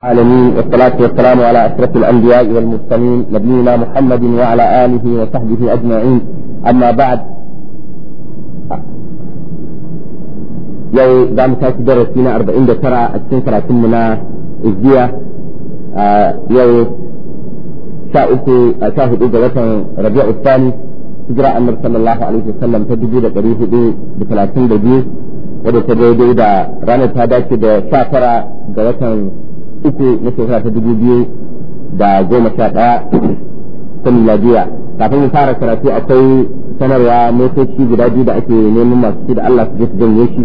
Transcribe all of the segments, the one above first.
العالمين والصلاة والسلام على أشرف الأنبياء والمرسلين نبينا محمد وعلى آله وصحبه أجمعين أما بعد يو دام تاتي درسينا أربعين دكرة أجسين كرة تمنا إزدية يو شاؤك شاهد إذا وطن ربيع الثاني تجرى أمر صلى الله عليه وسلم تدجي لقريه دي بثلاثين دجي ودى تدجي دا رانت تاداتي دا شاكرة دا uku na shekara ta dubu biyu da goma sha ɗaya ta miladiya kafin mu fara karatu akwai sanarwa motoci guda biyu da ake neman masu ci da Allah su je su janye shi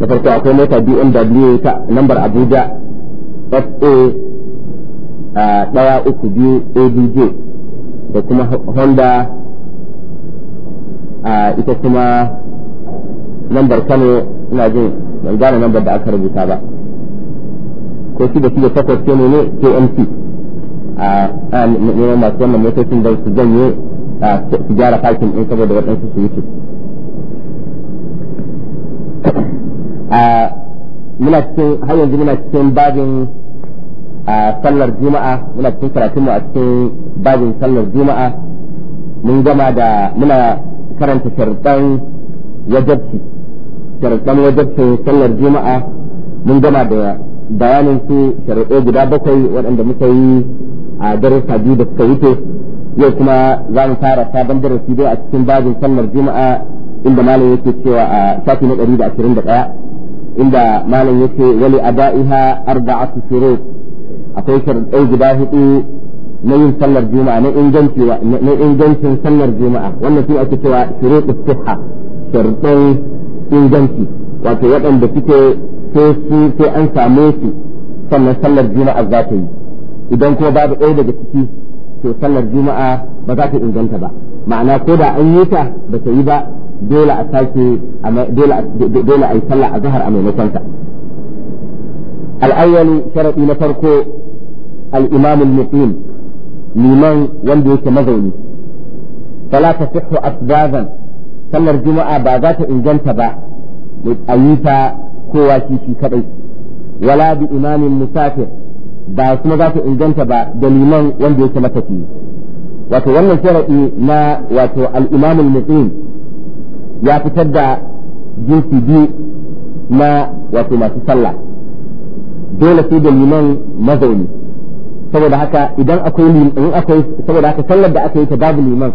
na farko akwai mota BMW ta lambar Abuja FA ɗaya uku biyu ABJ da kuma Honda ita kuma lambar Kano ina jin ban gane lambar da aka rubuta ba ko shi da shi da takwas ke ne KMC a neman masu wannan motocin da su janye su gyara fakin ɗin saboda waɗansu su wuce. muna cikin har yanzu muna cikin babin a sallar juma'a muna cikin karatunmu a cikin babin sallar juma'a mun gama da muna karanta sharɗan wajabci sharɗan wajabcin sallar juma'a mun gama da bayanin su sharaɗe guda bakwai waɗanda muka yi a darussa biyu da suka wuce yau kuma za mu fara sabon darasi dai a cikin bajin sallar juma'a inda malam yake cewa a shafi na ɗari da ashirin da ɗaya inda malam yake wali ada'iha arba'atu shurut akwai sharaɗe guda hudu na yin sallar juma'a na inganci na ingancin sallar juma'a wannan shi ake cewa shurutus sihha sharaɗe inganci wato waɗanda suke sai sai an same su sannan sallar juma'a za ta yi idan kuma babu ɗaya daga ciki to sallar juma'a ba za ta inganta ba ma'ana ko da an yi ta ba ta yi ba dole a sake dole a yi sallah a zahar a maimakon ta na farko al'imamin imam muqim liman wanda yake mazauni fala tasihhu asbaban sallar juma'a ba za ta inganta ba a yi ta kowa shi shi kadai wala bi imamin musafir ba kuma za su inganta ba da liman wanda yake matafi wato wannan sharadi na wato al-imam muqim ya fitar da jinsi biyu na wato masu sallah dole sai da liman mazauni saboda haka idan akwai in akwai saboda haka sallar da aka yi ta babu liman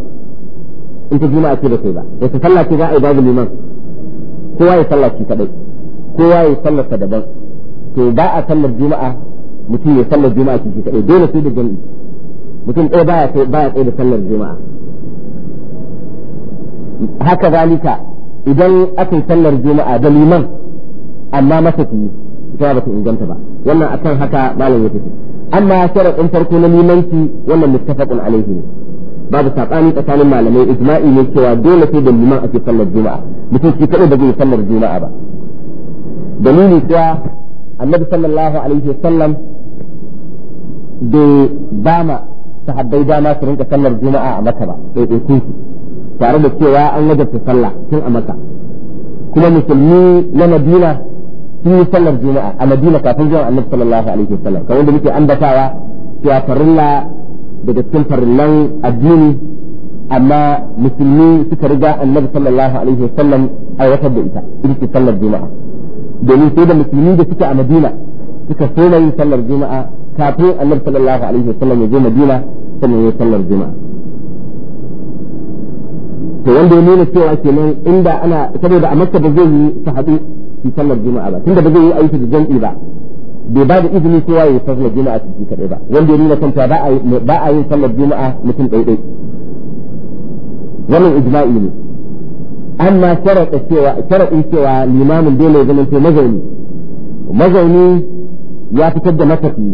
in ta juma'a ce da kai ba wata sallah ce za a yi babu liman kowa ya sallah shi kadai kowa ya sallarsa daban to ba a sallar juma'a mutum ya sallar juma'a shi kaɗai dole sai da jami'i mutum ɗaya baya sai baya tsaye da sallar juma'a haka zalika idan aka yi sallar juma'a da liman amma masa masafi ita ba ta inganta ba wannan akan haka malam ya tafi amma sharaɗin farko na limanci wannan muttafaqun alaihi ne babu sabani tsakanin malamai ijma'i ne cewa dole sai da liman ake sallar juma'a mutum shi kaɗai da zai sallar juma'a ba dalili kuwa annabi sallallahu alaihi wasallam bai bama sahabbai dama su rinka sallar juma'a a maka ba ɗaiɗaiku tare da cewa an wajabta sallah tun a maka kuma musulmi na madina sun yi sallar juma'a a madina kafin zuwa annabi sallallahu alaihi wasallam kamar da muke ambatawa cewa farilla daga cikin farillan addini amma musulmi suka riga annabi sallallahu alaihi wasallam aiwatar da ita ita ce sallar juma'a domin sai da musulmi da suke a madina suka soma yin sallar juma'a kafin annabi sallallahu alaihi wasallam ya je madina sannan ya sallar juma'a to wanda ya nuna cewa kenan inda ana saboda a makka ba zai yi su haɗu su sallar juma'a ba tunda ba zai yi aiki da jam'i ba bai ba da izini kowa ya sallar juma'a su kaɗai ba wanda ya nuna kanta ba a yin sallar juma'a mutum ɗaiɗai wannan ijma'i ne amma sharaɗa cewa sharaɗin cewa limamin dole ya zama to mazauni mazauni ya fitar da matafi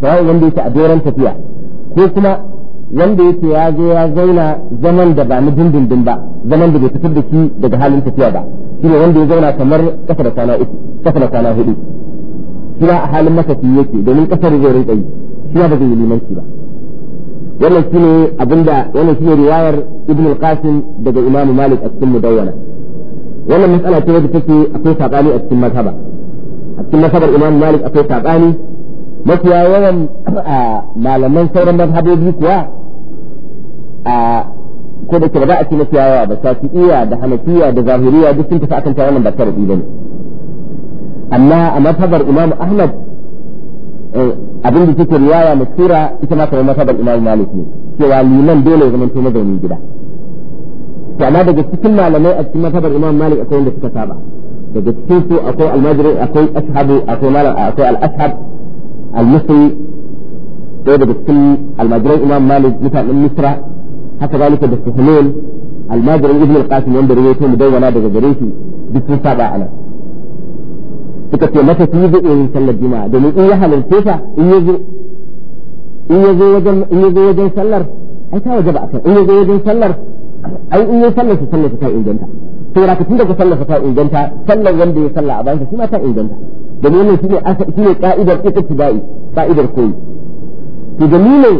sai wanda yake a doron tafiya ko kuma wanda yake ya zo ya zauna zaman da ba na dindindin ba zaman da bai fitar da shi daga halin tafiya ba shine wanda ya zauna kamar kasa da kwana uku kasa da hudu shi a halin matafi yake domin kasar zai rinka yi shi ba zai yi limanci ba wannan shine abinda wannan shine riwayar ibn al-qasim daga imam malik a cikin mudawwana wannan mas'ala ce wadda take akwai sabani a cikin mazhaba a cikin mazhabar imam malik akwai sabani mafiya yawan malaman sauran mazhabobi kuwa a ko da ba za a ce mafiya yawa ba shafi'iyya da hanafiya da zahiriya duk sun tafi akan cewa wannan ba sharadi bane amma a mazhabar imam ahmad Eh, abin da take riwaya mutura ita ma kamar masabar imam malik ne cewa liman dole ya zama to mazaunin gida to amma daga cikin malamai a cikin masabar imam malik akwai wanda suka saba daga cikin su akwai almajiri akwai ashabu akwai malam akwai al-ashab al-misri ɗaya daga cikin almajiran imam malik mutanen misra haka zalika da suhulun almajiran ibn al-qasim wanda rawaito mudawwana daga gare shi duk sun saba anan suka ce mata fi zai irin sallar juma'a domin in ya halarce ta in ya zo in ya zo wajen sallar ai ta in ya zo wajen sallar ai in ya sallar su sallar ta inganta to da ka sallar ta inganta sallar wanda ya sallar a bayan shi ma ta inganta domin wannan shine shine ka'idar iqtida'i ka'idar koyi to dalilin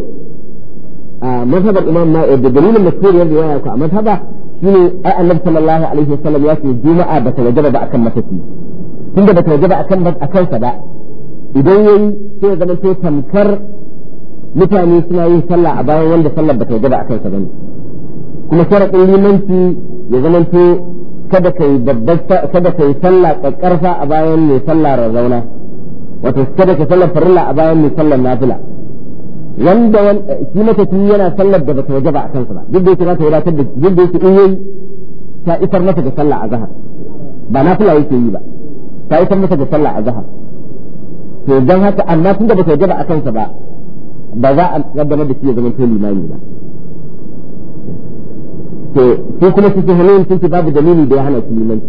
a mazhabar imam ma'id da dalilin maskuriyar riwaya ko a mazhaba shine ai annabi sallallahu alaihi wasallam ya ce juma'a ba ta wajaba ba akan matafi tunda ba ta yi akan a kansa ba idan yayi sai ya zama tamkar mutane suna yin sallah a bayan wanda sallar ba ta yi a akan sa ne kuma sharaɗin limanci ya zama to kada kai babbar kada kai sallah kakkarfa a bayan mai sallah razauna wato kada ka sallar farilla a bayan mai sallar nafila wanda shi matafi yana sallar da ba ta yi wajaba akan sa ba duk da yake za ta wadatar da duk da yake in yayi ta isar masa da sallah a zahar ba nafila yake yi ba ta yi masa da sallah a zahar to don haka amma tun da ba sai gaba a kansa ba ba za a gaddamar da shi ya zama to limami ba to ko kuma su halayen sun ce babu dalili da ya hana shi limanci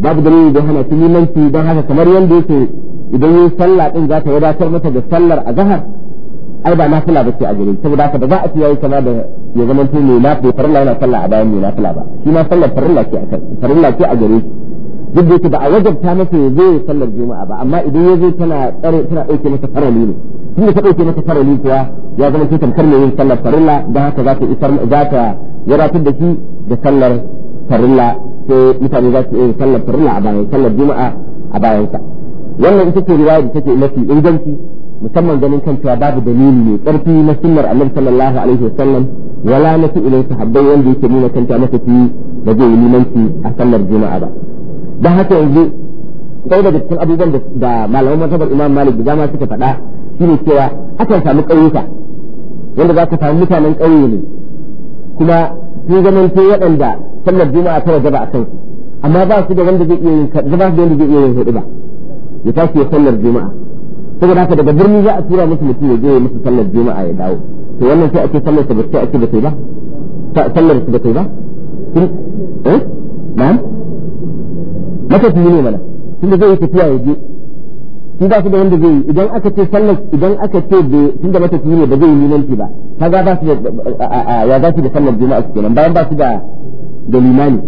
babu dalili da ya hana shi limanci don haka kamar yadda yake idan yi sallah din za ta wadatar masa da sallar a zahar ai ba nafila ba ce a gari saboda haka ba za a ce yayi kama da ya zama to ne na farilla yana sallah a bayan ne nafila ba shi ma sallar farilla ce a farilla ce a gari duk da yake ba a wajabta masa ya zo ya sallar juma'a ba amma idan ya zo tana tsare tana dauke masa farali ne tun da ta dauke masa farali kuwa ya zama ce tamkar ne yin sallar farilla dan haka za ta isar za ta wadatar da shi da sallar farilla sai mutane za su yi sallar farilla a bayan sallar juma'a a bayan sa wannan ita ce riwaya da take mafi inganci musamman ganin kan cewa babu dalili mai karfi na sunnar annabi sallallahu alaihi wasallam wala na fi'ilin sahabbai wanda yake nuna kanta masa fi da zai yi limanci a sallar juma'a ba don haka yanzu sai daga cikin abubuwan da malaman masabar imam malik da dama suka faɗa ne cewa akan samu ƙauyuka wanda za ka samu mutanen ƙauye ne kuma sun zamanto waɗanda sallar juma'a ta gaba a kansu amma ba su da wanda zai iya yin ba su da wanda zai iya yin hudu ba ya tashi ya sallar juma'a saboda haka daga birni za a tura musu mutum ya je ya musu sallar juma'a ya dawo to wannan sai ake sallar ta ba sai ake ba sai ba sallar su ba kai ba eh na'am matafiyi ne mana tunda zai yi tafiya ya je shi ba su da wanda zai yi idan aka ce sallar idan aka ce tunda matafiyi ne ba zai yi limanci ba kaga ba su da ya za su da sallar juma'a su kenan bayan ba su da da limani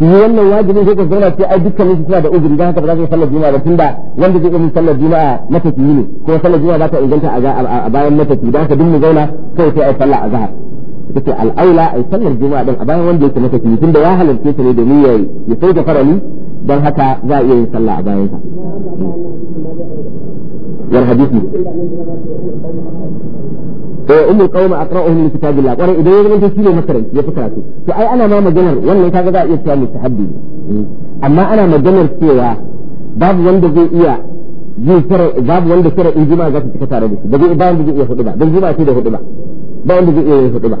shi wannan wajibin sai ka zauna sai ai dukkan su suna da uzuri dan haka ba za su sallar juma'a ba tunda wanda zai yi sallar juma'a matafiyi ne kuma sallar juma'a za ta inganta a bayan matafiyi dan haka duk mu zauna kawai sai ai sallar zahar suka ce al'aula sallar juma'a din a bayan wanda yake masa tun tunda ya halarce ta ne domin ya ya sauke farali dan haka za a iya yin sallah a bayan sa yar hadisi eh ummul qauma aqra'uhum li kitabillah kwarai idan ya zama shi ne makaranci ya fi karatu to ai ana ma maganar wannan kaga za a iya cewa mustahabbi eh. amma ana maganar cewa babu wanda zai iya yin babu wanda shari'in juma'a za ta cika tare da shi da zai da iya hudu ba dan juma'a ce da hudu ba ba wanda zai iya yin hudu ba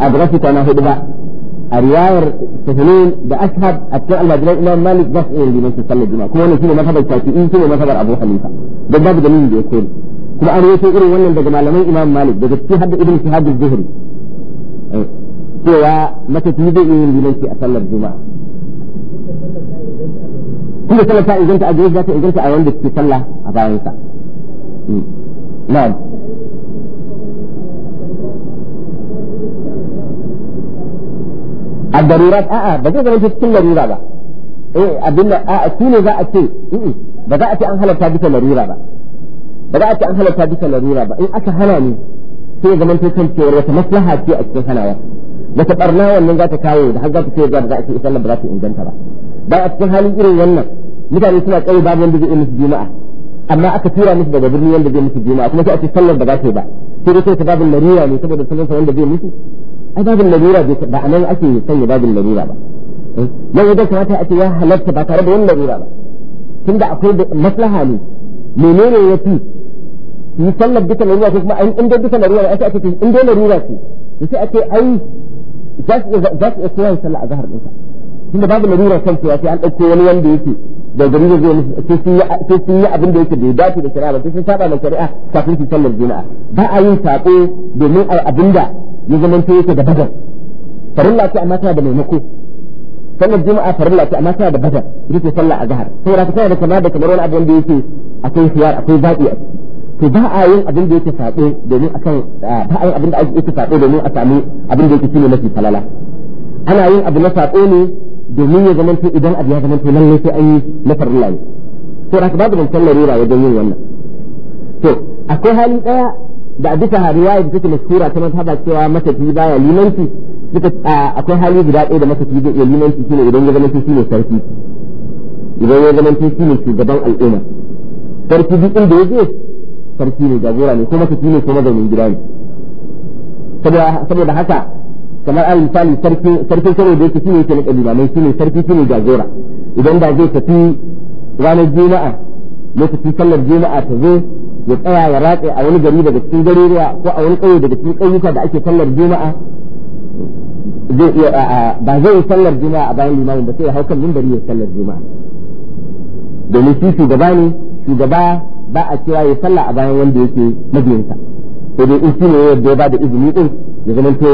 أدرس كما هو بقى الرواية تفنين بأشهد أثناء المجلس إمام مالك دفع لمن تصلي الجمعة كما أنه شنو مذهب الشافعي شنو مذهب أبو حنيفة ده باب دليل بيكون كما أنا يشوف إيه ولا ده جمال إمام مالك ده اجتهاد ابن شهاب الزهري cewa mace ta yi zai yin limanci a sallar juma'a kuma sallar ta inganta a gare za ta inganta a wanda suke sallah a bayansa na'am ad-darurat a'a ba zai zama cikin larura ba eh abinda a'a shi ne za a ce eh, ba za a ce an halarta bisa larura ba ba za a ce an halarta bisa larura ba in aka hana ne sai zaman to kan cewa wata maslaha ce a cikin hanawa wata barna wannan za ta kawo da har za ta ce za a ce ita ba za ta inganta ba ba a cikin halin irin wannan mutane suna tsaye babu wanda zai yi musu juma'a amma aka tura musu daga birni wanda zai musu juma'a kuma sai a ce sallar ba za ta yi ba sai dai sai ta babu larura ne saboda sallar wanda zai musu ai babin larura ba a nan ake sanya babin larura ba nan eh, wajen kamata ake ce ya halarta ba tare da wani larura ba da akwai maslaha ne menene ya fi yi sallar duka larura ko kuma in inda duka larura ne ake ce in dai larura ce sai ake ai za su za su iya kowa sallar azhar din sa da babu larura kan cewa sai an dauko wani wanda yake da gari da zai sai sun yi abin da yake bai dace da shari'a ba sai sun saba da shari'a kafin su sallar juma'a ba a yin sako domin abinda ya ta yake da badar farilla ce amma tana da maimako sallar juma'a farilla ce amma tana da badar ita ce sallah azhar ra ta tana da kama da kamar wani abin da yake akwai khiyar akwai zaɓi a ciki to ba a yin abin da yake sabo domin akan ba a yin abin da yake sabo domin a sami abin da yake shine mafi falala ana yin abu na sabo ne domin ya zamanto idan abu ya zamanto lalle sai an yi na farilla ne to da babu ban sallar wajen yin wannan to akwai hali daya da bisa riwaya da take mashhura ta mazhaba cewa matafi baya limanci duka akwai hali guda ɗaya da matafi zai iya limanci shine idan ya zamanto shine sarki idan ya zamanto shine shugaban al'umma sarki duk inda ya je sarki ne jagora ne ko matafi ne ko mazaunin gida ne saboda haka kamar al misali sarkin sarkin kano da yake shine yake na kabilanai shine sarki shine jagora idan da zai tafi ranar juma'a lokacin sallar juma'a ta zo ya tsaya ya ratse a wani gari daga cikin garuruwa ko a wani ƙauye daga cikin ƙauyuka da ake sallar juma'a zai iya ba zai yi sallar juma'a a bayan limamin ba sai ya hau kan mimbari ya sallar juma'a domin shi shugaba ne shugaba ba a cewa ya sallah a bayan wanda yake mabiyinsa sai dai in shi ne yadda ya ba da izini din ya zama to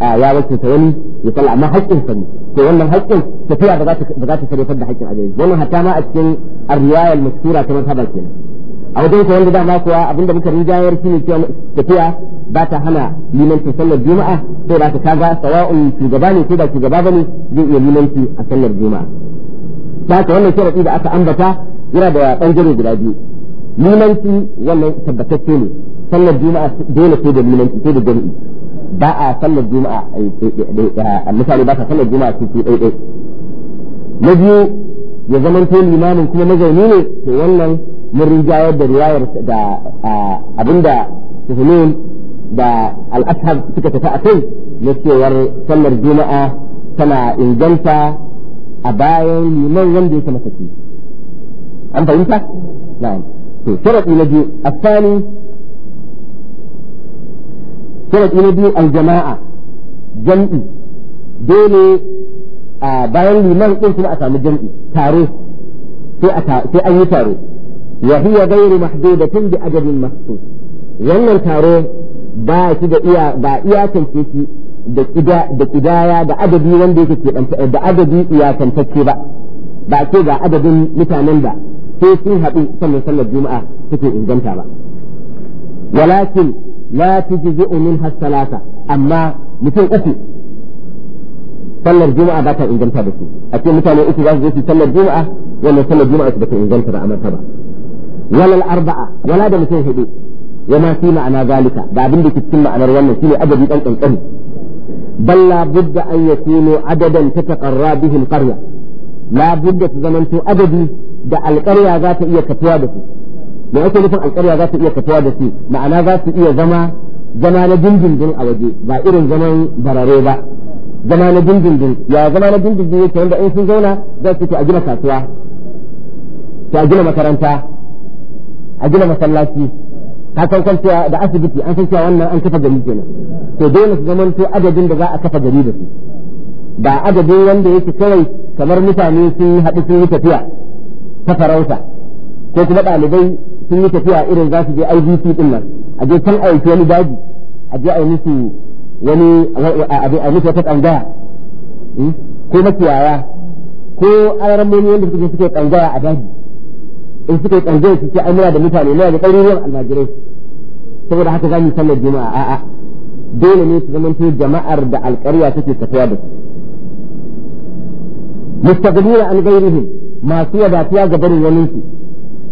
ya ta wani ya sallah amma haƙƙin sa ne to wannan haƙƙin tafiya ba za ta sarrafa da haƙƙin a wannan hatta ma a cikin arriyayal mastura ta mazhabar kenan a wajen ko wanda dama kuwa abinda muka rijayar shine cewa tafiya ba ta hana limanci sallar juma'a sai ba ta kaga sawa'un shugaba ne ko ba shugaba bane zai iya limanci a sallar juma'a ta ka wannan sharadi da aka ambata yana da bangare guda biyu limanci wannan tabbatacce ne sallar juma'a dole sai da limanci sai da jami'i ba a sallar juma'a a eh, eh, eh, misali ba ta sallar juma'a sai ɗai ɗai na biyu ya zama zamanto limamin kuma mazauni ne to wannan mun rinjayar da riwayar da abinda suhunin da al'ashar suka tafi a kai na cewar sallar juma'a tana inganta a bayan liman wanda yake masa ci an fahimta na'am to sharaɗi na biyu asani sharaɗi na biyu aljama'a jam'i dole a bayan liman din kuma a samu jam'i tare sai an yi tare. wa huwa ghairu mahdudatin bi ajalin mahsus wannan taro ba shi da iya ba iyakance shi da kida da kidaya da adadi wanda yake ke da adadi iyakantacce ba ba ce ga adadin mutanen da sai sun haɗu sannan sallar juma'a take inganta ba walakin la tujzi'u minha salata amma mutum uku sallar juma'a ba ta inganta da su a ce mutane uku za su je su sallar juma'a wannan sallar juma'a su ba ta inganta da a ba walal arbaa wala da mutum hudu wama fi ma'ana zalika da abin da cikin ma'anar wannan shine adadi dan kankani bal la budda an yakunu adadan tataqarra bihi al-qarya la budda ta zamanto adadi da alƙarya za ta iya katuwa da su me ake nufin alƙarya za ta iya katuwa da su ma'ana za su iya zama zama na dindindin a waje ba irin zaman barare ba zama na dindindin ya zama na dindindin yake wanda in sun zauna za su ce a gina kasuwa ta gina makaranta a gina masallaci ka san kan cewa da asibiti an san cewa wannan an kafa gari kenan to dole su zamanto adadin da za a kafa gari da su ba adadin wanda yake kawai kamar mutane sun yi haɗu sun yi tafiya ta farauta ko kuma ɗalibai sun yi tafiya irin za su je IBC din nan a je can aiki wani daji a je a yi musu wani a musu wata tsangaya hmm, ko makiyaya ko alaramoni wanda suke suke tsangaya a daji in suka yi tsangayar su ce ai muna da mutane muna da ɗaruruwan almajirai saboda haka za mu sallar juma'a a'a dole ne su zamanto jama'ar da alƙarya take tafiya da su mustaqbilina an ghairihim masu wadatuwa ga barin wani su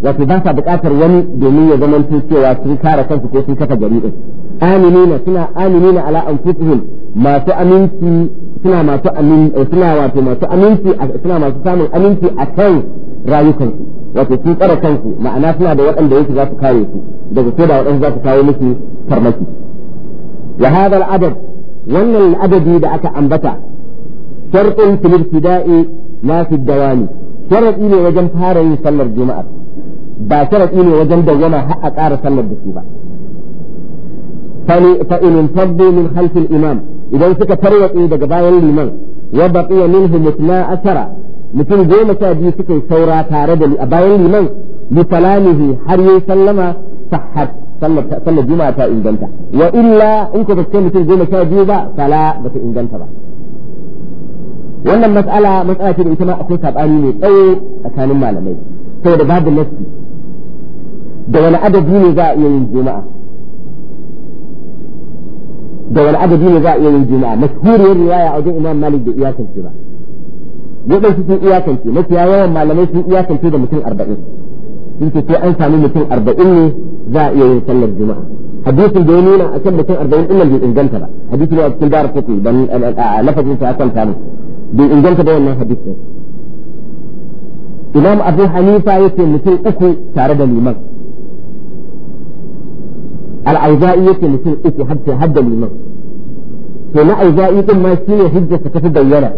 wato ba sa buƙatar wani domin ya zamanto cewa sun kare kansu ko sun kafa gari din aminina suna aminina ala anfusihim masu aminci suna masu amin suna wato masu aminci suna masu samun aminci akan rayukansu wato sun tsara kansu ma'ana suna da waɗanda yake za su kare su daga ko da waɗanda za su kawo musu farmaki wa hadha al-adad wannan adadi da aka ambata shartun fil ibtida'i la fi dawami sharadi ne wajen fara yin sallar juma'a ba sharadi ne wajen dawwama har a ƙara sallar da su ba fa in min khalf al-imam idan suka tarwatse daga bayan liman wa baqiya minhu 12 mutum goma sha biyu suka yi saura tare da a bayan liman li salamihi har yayi sallama sahhat sallar juma'a ta inganta wa illa in ka fuskanta mutum goma sha biyu ba sala ba ta inganta ba wannan mas'ala mas'ala ce da ita ma akwai sabani mai tsawo tsakanin malamai da babu nafsi da wani adadi ne za a iya yin juma'a da wani adadi ne za a iya yin juma'a mashhuriyar riwaya a wajen imam malik da iyakar juma'a waɗansu sun iyakance mafiya yawan malamai sun iyakance da mutum arba'in sun ce sai an sami mutum arba'in ne za a iya yin sallar juma'a hadisin da ya nuna a kan mutum arba'in ɗin bai inganta ba hadisin a cikin dara kofi ban lafazin sa akan tamu bai inganta da wannan hadisin imam abu hanifa yake mutum uku tare da liman al'auza'i yake mutum uku hadda liman to na auza'i din ma shine hujja ta tafi bayyana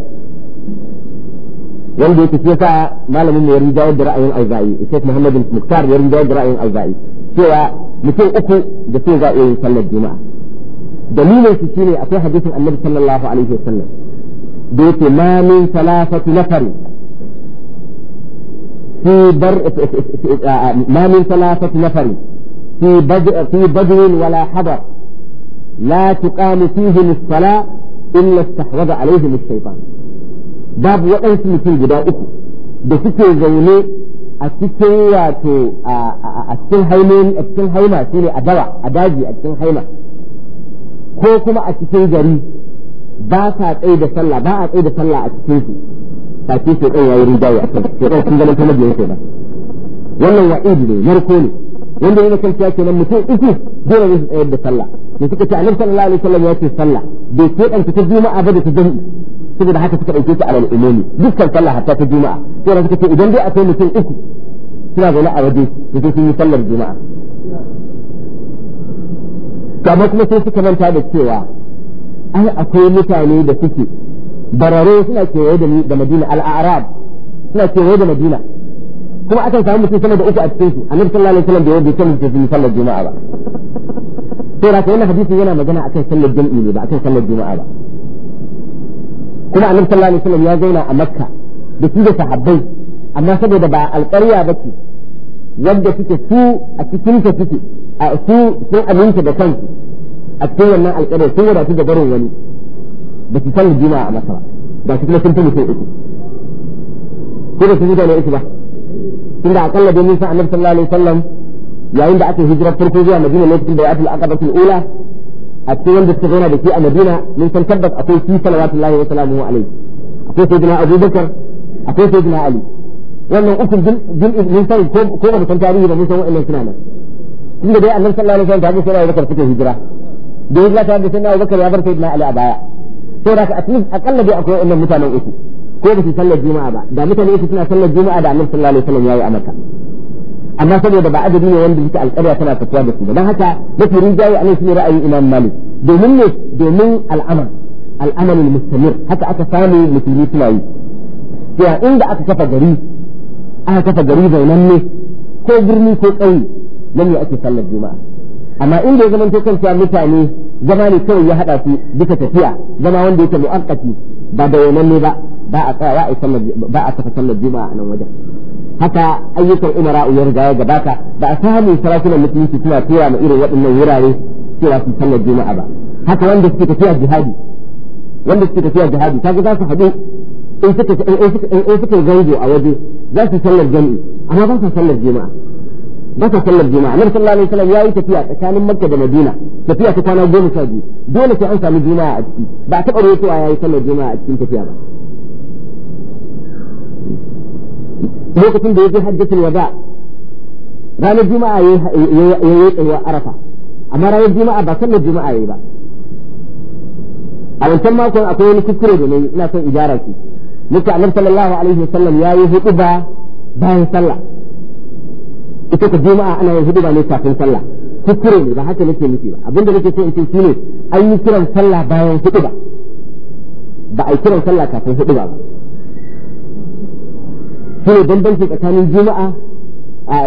يندي تسيسا ما لم يريد أود رأي الأيضائي الشيخ محمد مكتار يريد أود رأي الأيضائي سوى مثل أكو جسوغا يصلى الجماعة دليل السيسيني أتي حديث النبي صلى الله عليه وسلم بيت ما من ثلاثة نفر في بر آه، آه، ما من ثلاثة نفر في بد في بدو ولا حضر لا تقام فيهم الصلاة إلا استحوذ عليهم الشيطان babu waɗansu mutum guda uku da suke zaune a cikin wato a cikin hailoni a cikin haima ne a dawa a daji a cikin haima ko kuma a cikin gari ba sa tsaye da sallah ba a tsaye da sallah a cikin su take sai ɗan yayi rijayi a kan sai ɗan sun zama ta mabiyan sai ba wannan wa'idi ne narko ne wanda yana kan cewa kenan mutum uku dole ne su tsayar da sallah da suka ce annabi sallallahu alaihi wasallam ya ce sallah bai ke ɗan ta juma'a ba da ta jami'a saboda haka suka ɗauke ta alal umumi dukkan sallah hatta ta juma'a to da suka ce idan dai akwai mutum uku suna zaune a waje su je sun yi sallar juma'a kamar kuma sai suka manta da cewa ai akwai mutane da suke bararo suna kewaye da da Madina al-Arab suna kewaye da Madina kuma akan samu mutum sama da uku a cikin su annabi sallallahu alaihi wasallam bai bai san mutum sun sallar juma'a ba to da wannan hadisin yana magana akan sallar jami'i ne ba akan sallar juma'a ba kuma annabi sallallahu alaihi wasallam ya zauna a makka da shi da sahabbai amma saboda ba alƙarya ba ce wanda suke su a cikin ta suke a su sun aminta da kansu a cikin wannan alƙarya sun wadatu da barin wani ba su san juma'a a masa ba ba su kuma sun fi mutum uku ko ba su mutane uku ba tunda akalla dai mun san annabi sallallahu alaihi wasallam yayin da aka hijira farko zuwa madina lokacin da ya atul aqabatul ula a cikin wanda suka zauna da shi a Madina mun san tabbas akwai shi salawatullahi wa salamu salamuhu alaihi akwai sayyidina Abubakar akwai sayyidina Ali wannan ukun jin mun san ko ko ba san tarihi ba mun san wannan suna nan inda dai annabi sallallahu alaihi wasallam da sayyidina Abubakar suka hijira da hijira ta da sayyidina Abubakar ya bar sayyidina Ali a baya to da at least akalla dai akwai wannan mutanen uku ko ba su sallar juma'a ba da mutane uku suna sallar juma'a da annabi sallallahu alaihi wasallam yayi a Makka amma saboda ba azumi ne wanda yake alƙarya tana fitowa da su ba don haka mafi rinjaye anan ne ra'ayin imam malik domin ne domin al'amal al'amal mustamir haka aka samu musulmi suna yi ya inda aka kafa gari aka kafa gari zaunan ne ko birni ko ƙauye nan ne ake sallar juma'a amma inda ya zama to kan mutane zama ne kawai ya haɗa su duka tafiya zama wanda yake mu'akkati ba da wannan ne ba ba a tsayawa a sallar ba a kafa sallar juma'a a nan wajen haka ayyukan umara ya riga ya gabata ba a samu sarakunan musulunci suna tura ma irin waɗannan wurare cewa su sallar juma'a ba haka wanda suke tafiya jihadi wanda suke tafiya jihadi kaga za su haɗu in suka in suka a waje za su sallar jami'i amma ba su sallar juma'a ba sa sallar juma'a nabi sallallahu alaihi wasallam yayi tafiya tsakanin makka da madina tafiya ta kwana goma sha biyu dole sai an samu juma'a a ciki ba a taɓa ruwa yayi sallar juma'a a cikin tafiya ba lokacin da ya je hajjatul wada ranar juma'a ya yi tsayuwa arafa amma ranar juma'a ba sallar juma'a ya yi ba a wancan makon akwai wani kuskure da nayi ina son ijara ki muke annabi sallallahu alaihi wa sallam ya yi ba bayan sallah ita ta juma'a ana yin ba ne kafin sallah kuskure ne ba haka nake nufi ba abinda nake so in ce shine an yi kiran sallah bayan hutuba ba ba a yi kiran sallah kafin hutuba ba shine bambanci tsakanin juma'a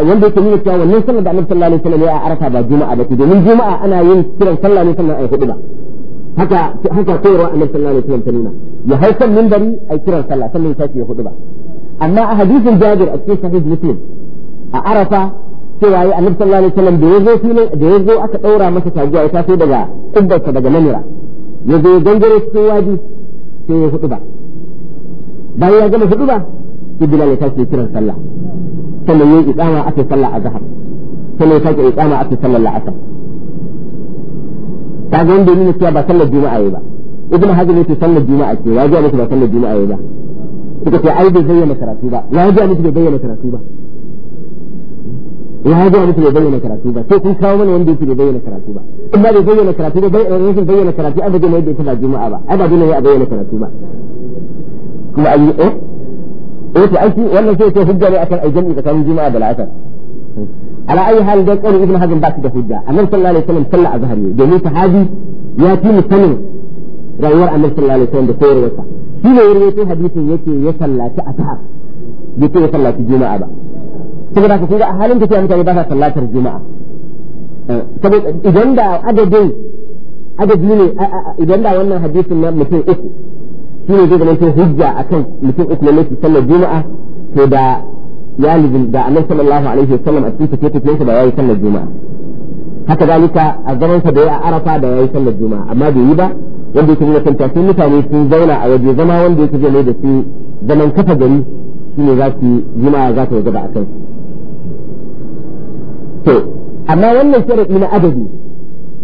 wanda yake nuna cewa wannan sallar da annabi sallallahu alaihi wasallam ya arafa ba juma'a ba domin juma'a ana yin kiran sallah ne sannan ai hudu ba haka haka koyarwa annabi sallallahu alaihi wasallam ta nuna ya haifar minbari ai kiran sallah sannan ya tashi ya hudu ba amma a hadisin Jabir a cikin sahih Muslim a arafa cewa ya annabi sallallahu alaihi wasallam da yazo filin da yazo aka daura masa taguwa ya taso daga kubbarsa daga namira yazo ya gangare cikin wadi sai ya hudu ba bayan ya gama hudu ba sai bilal ya tashi kiran sallah sannan yayi iqama aka sallah a zahar sannan ya tashi iqama aka sallah la'asar kaga wanda yana cewa ba sallar juma'a yayi ba ibnu hajar yace sallar juma'a ce ya ga musu ba sallar juma'a yayi ba suka ce ai bai bayyana karatu ba ya ga musu bai bayyana karatu ba ya ga musu bai bayyana karatu ba sai kun kawo mana wanda yake bai bayyana karatu ba in ba bai bayyana karatu ba rashin bayyana karatu an bayyana yadda ita ba juma'a ba ai ba dole ne a bayyana karatu ba kuma ayi eh eh to aiki wannan sai ce hujja ne akan aljami'i tsakanin juma'a da la'asar ala ayi hal da qauli ibn hazm ba da hujja annabi sallallahu alaihi wasallam sallah azhar ne domin sahabi ya fi musanin rayuwar annabi sallallahu alaihi wasallam da koyarwarsa shi ne yayin hadisin yake ya sallaci azhar yake ya sallaci juma'a ba saboda haka a halin tafiya mutane ba sa sallatar juma'a saboda idan da adadin adadi ne idan da wannan hadisin na mutum uku shi ne zai zamanto hujja akan mutum uku lalle su sallar juma'a to da ya lizin da annabi sallallahu alaihi wasallam a cikin tafiye tafiyensa da yayi sallar juma'a haka zalika a zaman sa da ya arafa da yayi sallar juma'a amma bai yi ba wanda yake nuna kanta sai mutane sun zauna a waje zama wanda yake zai da su zaman kafa gari shine za su juma'a za ta wajaba akan to amma wannan sharadi na adadi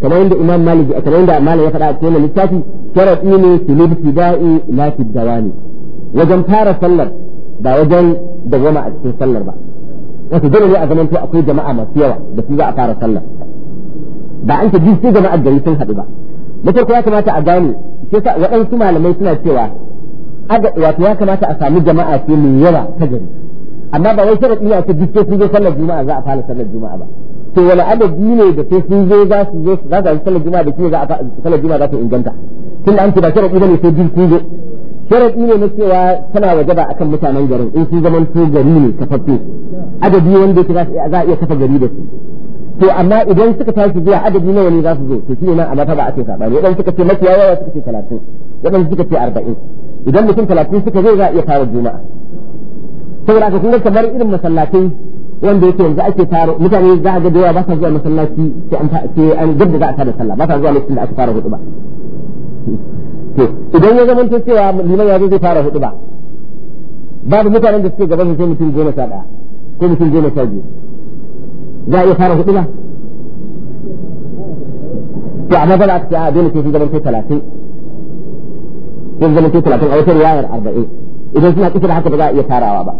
kamar yadda imam maliki kamar yadda malam ya faɗa a cikin littafi sharaɗi ne filin fida'i la fi dawani wajen fara sallar ba wajen dawama a cikin sallar ba wato dole ne a zaman to akwai jama'a masu yawa da su za a fara sallar ba an ta ji sai jama'a gari sun haɗu ba na farko ya kamata a gane sai sa waɗansu malamai suna cewa wato ya kamata a samu jama'a ce mai yawa ta gari amma ba wai sharaɗi ne a ce duk sai zo sallar juma'a za a fara sallar juma'a ba to wala adadi ne da sai sun zo za su zo za su sallar juma'a da shi za a sallar juma'a za ta inganta tunda an ce ba sharadi bane sai biyu kun zo sharadi ne na cewa tana wajaba akan mutanen garin in sun zaman to gari ne kafaffe adadi wanda yake za a iya kafa gari da su to amma idan suka tashi zuwa adadi nawa ne za su zo to shi ne nan a mata ba a ce sabani wadan suka ce mafiya yawa suka ce talatin wadan suka ce 40 idan mutum 30 suka zo za a iya fara juma'a saboda haka kun ga kamar irin masallatai wanda yake yanzu ake taro mutane za a ga da yawa ba sa zuwa masallaci sai an ta sai an gaba za a tada sallah ba sa zuwa lokacin da aka fara hudu ba to idan ya zamanto cewa liman ya zo zai fara hudu ba babu mutanen da suke gaban sai mutum goma sha daya ko mutum goma sha biyu za a iya fara hudu ba to amma ba za a ce a ah, dole sai sun zamanto talatin sun zamanto talatin a wata riwayar arba'in idan suna kusa da haka ba za a iya farawa ba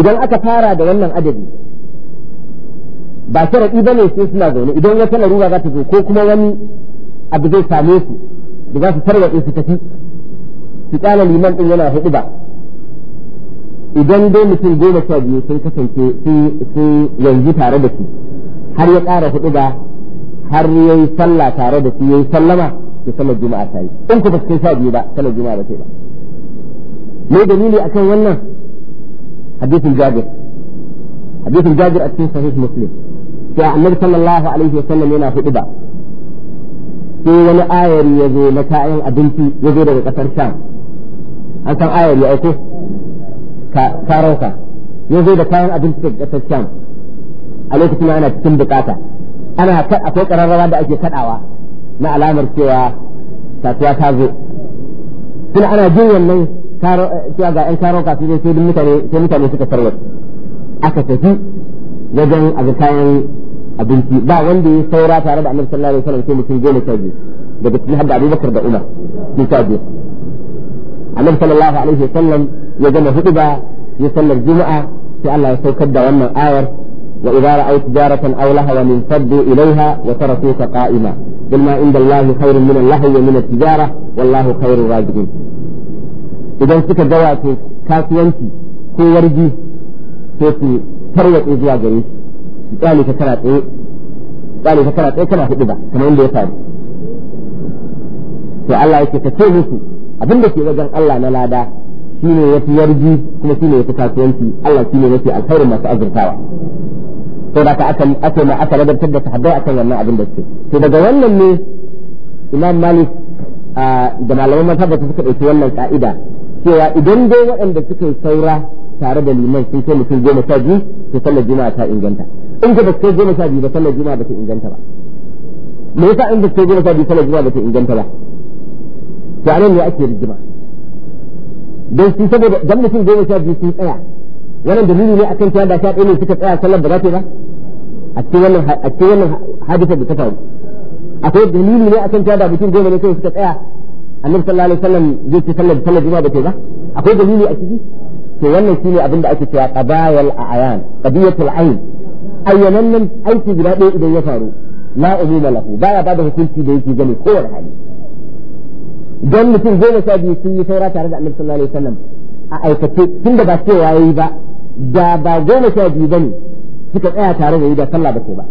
idan aka fara da wannan adadi ba sharaɗi ba ne sai suna zaune idan wata laruwa za ta zo ko kuma wani abu zai same su da za su tarwatse su tafi su kyala liman din yana hudu ba idan dai mutum goma sha biyu sun kasance sun yanzu tare da su har ya ƙara hudu ba har ya yi sallah tare da su ya yi sallama to sallar juma'a ta yi in ku basu kai sha biyu ba sallar juma'a ba ce ba me dalili kan wannan hadisin jabir hadisin jabir a cikin sahih muslim sai annabi sallallahu alaihi wa sallam yana hudu ba sai wani ayari ya zo na kayan abinci ya zo daga kasar sham an san ayari ya aiko karauka ya zo da kayan abinci daga kasar sham a lokacin ana cikin bukata ana akwai kararrawa da ake kadawa na alamar cewa kasuwa ta zo tun ana jin wannan cewa ga yan karauka su zai sai mutane suka tarwata aka tafi wajen abin kayan abinci ba wanda ya saura tare da annabi sallallahu alaihi wasallam sai mutum goma sha biyu daga cikin hadda abubakar da umar sun sha biyu annabi sallallahu alaihi wasallam ya gama huduba ya sallar juma'a sai Allah ya saukar da wannan ayar wa idza ra'aw tijaratan aw lahawan infaddu ilayha wa tarakuka qa'ima qul ma inda Allah khairun min al-lahwi wa min at-tijara wallahu khairur raziqin idan suka ga wato kasuwanci ko wargi sai su tarwatse zuwa gare shi kyale ta kana tsaye kyale ka kana tsaye kana hudu ba kamar yadda ya faru to Allah yake ta ce musu abin da ke wajen Allah na lada shine yafi yarji kuma shine yafi kasuwanci Allah shine yake alkhairin masu azurtawa to da ka aka ake ma aka ladabtar da sahabbai akan wannan abin da ke to daga wannan ne Imam Malik da malaman mazhabar suka dauki wannan ka'ida cewa idan dai waɗanda suka yi saura tare da liman sun kai mutum goma sha biyu to sallar juma'a ta inganta in ka bakai goma sha biyu ba sallar juma'a ba ta inganta ba me yasa in bakai goma sha biyu sallar juma'a ba ta inganta ba to anan ne ake rigima don su saboda dan mutum goma sha biyu sun tsaya wannan dalili ne akan cewa da sha ɗaya ne suka tsaya sallar ba za ta yi ba a cikin wannan a cikin wannan hadisa da ta faru akwai dalili ne akan cewa da mutum goma ne kai suka tsaya annabi sallallahu alaihi wasallam zai ce sallar sallar juma'a ba ta ba akwai dalili a ciki to wannan shine abin da ake cewa qabayal a'yan qadiyatul ayn nan aiki guda ɗaya idan ya faru la umuma lahu baya bada hukunci da yake gani kowane hali don mutum goma sha biyu sun yi saura tare da annabi sallallahu alaihi wasallam a aikace tun da ba cewa yayi ba da ba goma sha biyu bane suka tsaya tare da yi da sallah ba ce ba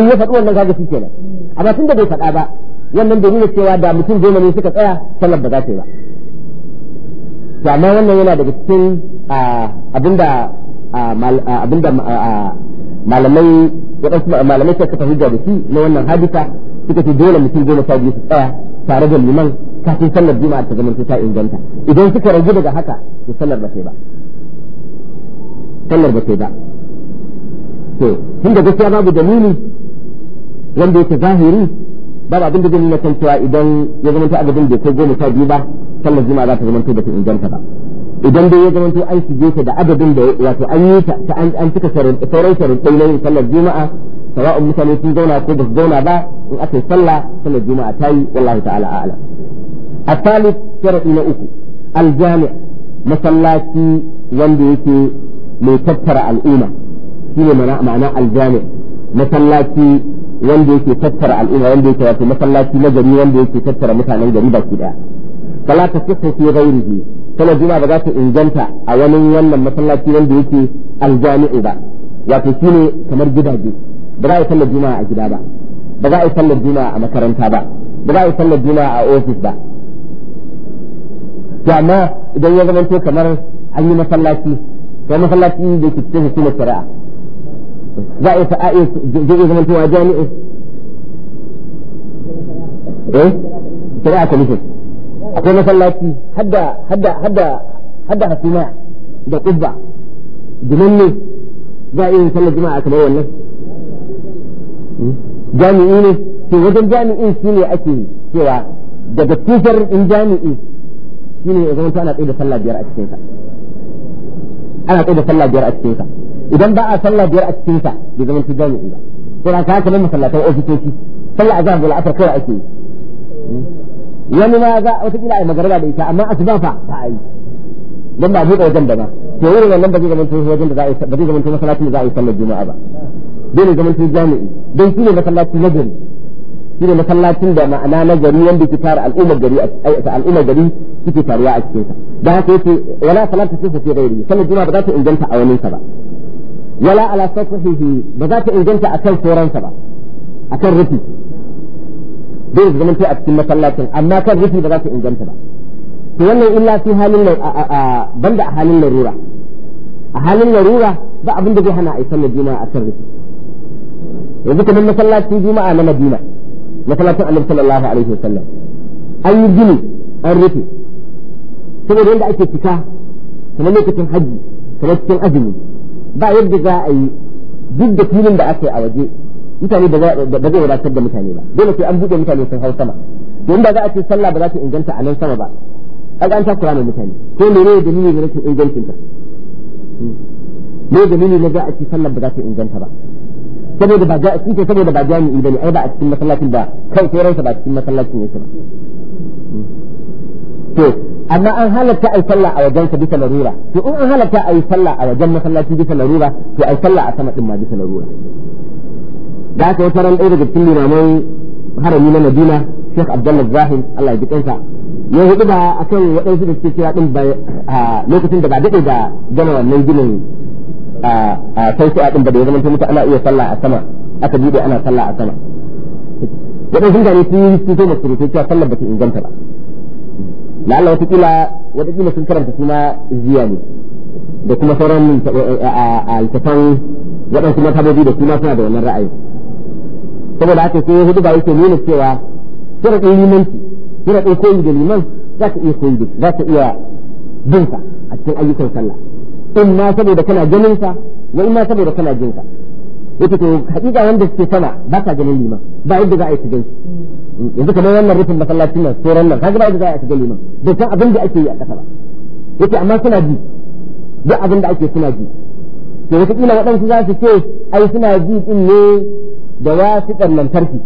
in ya faɗi wannan kaga shi kenan amma da bai faɗa ba wannan bai nuna cewa da mutum goma ne suka tsaya sallar ba za ta yi ba to amma wannan yana daga cikin ah, abinda ah, ah, abinda malamai malamai suka hujja da shi na wannan hadisa suka ce dole mutum goma sha biyu su tsaya tare da liman kafin sallar juma'a ta zama ta inganta idan suka ragu daga haka to sallar ba sai ba sallar ba sai ba to tunda gaskiya babu dalili wanda yake zahiri babu abin da zai nuna kan cewa idan ya zama ta adadin bai kai goma sha biyu ba sallar juma'a za ta zama ta inganta ba idan dai ya zamanto an shige ta da adadin da wato an yi ta an cika sauran sharuɗai na yin sallar juma'a sawa'un mutane sun zauna ko ba su zauna ba in aka yi sallah sallar juma'a ta yi wallahu ta'ala a'lam الثالث na uku الجامع masallaci wanda yake mai tattara al'umma shine mana ma'ana aljami masallaci wanda yake tattara al'umma wanda yake wato masallaci na gari wanda yake tattara mutanen gari baki daya fala tasihhu fi ghairihi sallar juma'a ba za ta inganta a wani wannan masallaci wanda yake aljami'i ba wato shi ne kamar gidaje ba za a yi sallar juma'a a gida ba ba za a yi sallar juma'a a makaranta ba ba za a yi sallar juma'a a ofis ba to amma idan ya zamanto kamar an yi masallaci to masallaci da yake cikin hukumar shari'a za a yi fa'a zai iya zamantowa jami'i eh shari'a commission akwai masallaci hadda hadda hadda hadda hasina da kubba ginanne za a iya sallar juma'a kamar wannan hmm? jami'i ne to wajen jami'in shine ake cewa daga tushen in jami'i shine ya zama ana tsaye da sallah biyar a cikin sa ana tsaye da sallah biyar a cikin sa idan ba a sallah biyar a cikin sa bai zama jami'i ba to da ka kamar masallatan ofisoshi sallah azhar da al'asar kawai ake yi hmm? wani ma za wata kila ai da ita amma ba fa ba ai don ba buɗe wajen da ba to wurin wannan ba zai zama to wajen da za a yi ba zai zama to masallacin da za a yi sallar juma'a ba dole zama to jami'i don ne masallaci na gari ne masallacin da ma'ana na gari wanda ke tara al'ummar gari a al'ummar gari suke taruwa a cikin sa da haka yake wala salatu tusu fi ghairi sallar juma'a ba za ta inganta a wani sa ba wala ala sahihi ba za ta inganta akan kan sa ba akan rufi dole su zamanto a cikin masallacin amma kan rufi ba za su inganta ba to wannan illa fi halin banda a halin larura a halin larura ba abin da zai hana a yi sallar juma'a a kan rufi yanzu kamar masallacin juma'a na madina masallacin annabi sallallahu alaihi wasallam an yi gini an rufe saboda yadda ake cika kamar lokacin hajji kamar cikin azumi ba yadda za a yi duk da filin da aka yi a waje mutane ba zai wadatar da mutane ba dole sai an buɗe mutane sun hau sama don da za a ce sallah ba za ta inganta a nan sama ba ga an takura mai mutane ko mene da nini ne rashin ingancinta ne nini ne za a ce sallah ba za ta inganta ba saboda ba ga ce saboda ba ni bane ai ba a cikin masallacin ba kai sai ransa ba cikin masallacin yake ba hmm. to amma an halatta ai sallah a wajen sa bisa larura to in an halatta ai sallah a wajen masallacin bisa larura to ai sallah a sama din ma bisa larura da aka yi taron ɗaya daga cikin limaman harami na madina sheikh abdullah zahir allah ya ji kansa ya hudu ba akan waɗansu da suke cewa ɗin ba lokacin da ba daɗe da gana wannan ginin a sauki a ɗin ba da ya zama mutu ana iya sallah a sama aka buɗe ana sallah a sama waɗansu mutane sun yi sun zo masu cewa sallar ba ta inganta ba Allah watakila watakila sun karanta suna ziya ne da kuma sauran a littafan waɗansu matabobi da suna suna da wannan ra'ayi saboda haka sai hudu ba yake nuna cewa kira ɗin limanci kira ɗin koyi da liman za ka iya koyi za ka iya bin a cikin ayyukan sallah in ma saboda kana ganin sa wa in ma saboda kana jin sa yake to hakika wanda suke sama ba ka ganin liman ba yadda za a yi su gaishe yanzu kamar wannan rufin masallacin nan tsoron nan kaga ba yadda za a yi su gaishe liman da san abin da ake yi a ƙasa ba yake amma suna ji duk abin da ake suna ji to wataƙila waɗansu za su ce ai suna ji din ne da wasiƙar lantarki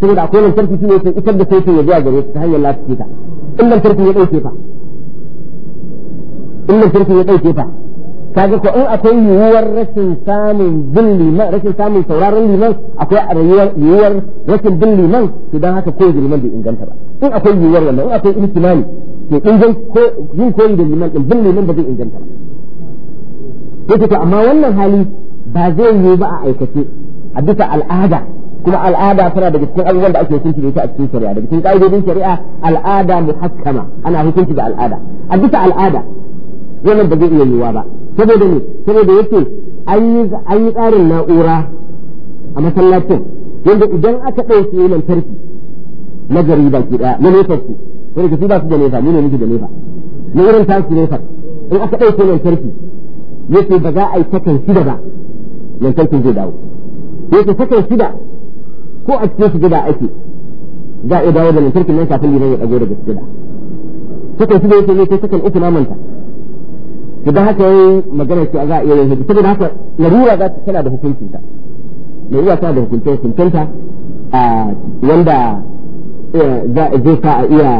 saboda akwai lantarki ne yake isar da sautin ya zuwa gare ta hanyar ta in lantarki ya ɗauke ta in lantarki ya ɗauke ta kaga ko in akwai yiwuwar rashin samun bin liman rashin samun sauraron liman akwai yiwuwar rashin bin liman to dan haka ko liman bai inganta ba in akwai yiwuwar wannan in akwai ihtimali to ingan ko yin koyi da liman din bin liman ba zai inganta ba yake to amma wannan hali ba zai yiwu ba a aikace a bisa al'ada kuma al'ada tana daga cikin abubuwan da ake hukunci da ita a cikin shari'a daga cikin ƙa'idodin shari'a al'ada muhakkama ana hukunci da al'ada a bisa al'ada wannan ba zai iya yiwuwa ba saboda ne saboda yake an yi tsarin na'ura a masallacin yadda idan aka ɗauke lantarki na gari baki ɗaya na nefa su wanda ka ba su da nefa mu ne muke da nefa na wurin ta tasu nefa in aka ɗauke lantarki yake ba za a yi takan shida ba lantarkin zai dawo yake sakan shida ko a cikin sujada ake za a dawo da lantarkin nan kafin liman ya dago daga sujada sakan shida yake zai sakan uku na manta to da haka yayi magana cewa za a iya yin hijira saboda haka larura za ta tana da hukuncinta larura tana da hukuncin hukuncinta a wanda eh, je sa a iya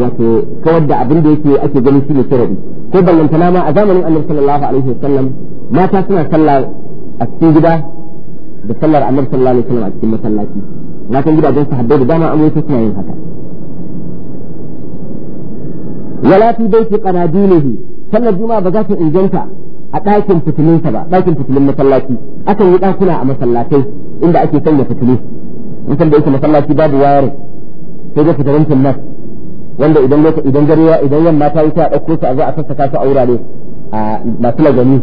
wato kawar da abin da yake ake ganin shi ne sharadi ko ballantana ma a zamanin annabi sallallahu alaihi wasallam mata suna sallah a cikin gida da sallar annabi sallallahu alaihi wasallam a cikin masallaci na san gidajen sahabbai da dama amurka suna yin haka wala fi baiti qanadinihi sallar juma'a ba za ta inganta a ɗakin fitilinsa ba ɗakin fitilin masallaci akan yi ɗakuna a masallatai inda ake sanya fitilu in san da yake masallaci babu wayarin sai da fitilantin nas wanda idan idan garewa idan yamma ta yi ta ɗauko su a za a sassaka su a wurare a masu lagani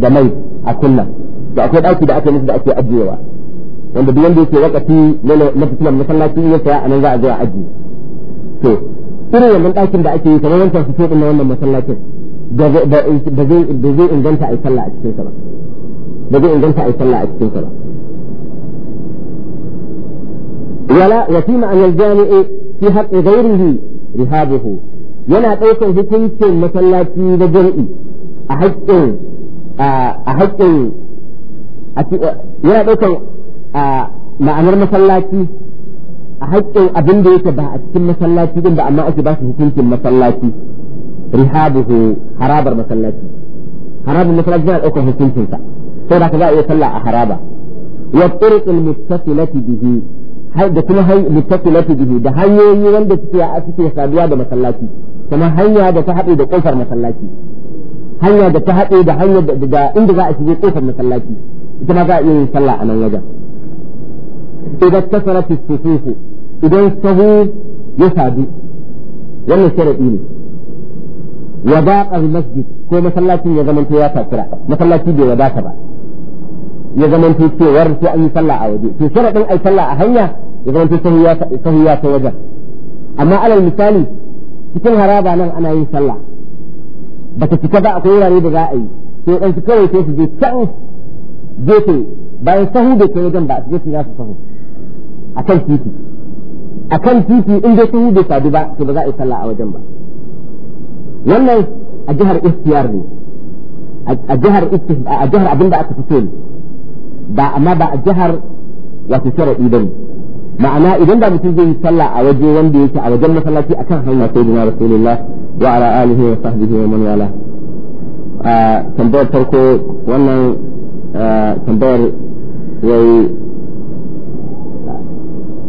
da mai a kullum da akwai daki da aka yi da ake ajiyewa wanda duk wanda yake wakati na fitilan masallaci ya saya a nan za a zo a ajiye to irin wannan dakin da ake yi kamar wancan su din na wannan masallacin da zai inganta a yi sallah a cikin sa ba da zai inganta a yi sallah a cikin sa ba wala wa fi ma'an jamii fi haqqi ghayrihi rihabuhu yana ɗaukar hukuncin masallaci da jami'i a haƙƙin a haƙƙin yana ɗaukar ma'anar masallaci a haƙƙin abin da yake ba a cikin masallaci din ba amma ake ba su hukuncin masallaci rihabuhu harabar masallaci harabar masallaci yana ɗaukar hukuncinsa sai da ka za a iya sallah a haraba wa turuqil muttasilati bihi da kuma muttasilati bihi da hanyoyi wanda suke a suke saduwa da masallaci kamar hanya da ta haɗe da ƙofar masallaci hanya da ta haɗe da hanyar da inda za a shige ƙofar masallaci kuma ma za a iya yin sallah a nan wajen idan tasarat sufufu idan sahu ya sadu wannan sharadi ne a masjid ko masallacin ya zamanto ya takura masallaci bai wadata ba ya to cewar sai an yi sallah a waje to sharadin ayi sallah a hanya ya zama to ya sahu ya ta wajen amma alal misali cikin haraba nan ana yin sallah bata cika ba akwai wurare da za a yi sai dan kawai sai su je can gefe bayan sahu da ke wajen ba a gefe ya su sahu a kan titi a kan titi in dai sahu bai sadu ba to ba za a yi sallah a wajen ba wannan a jihar istiyar ne a jihar a jihar abin da aka fito ne ba amma ba a jihar wato shara'i idan ma'ana idan da mutum zai yi sallah a waje wanda yake a wajen masallaci akan hanya sai jina rasulullah wa ala alihi wa sahbihi wa man wala a tambayar farko wannan tambayar wai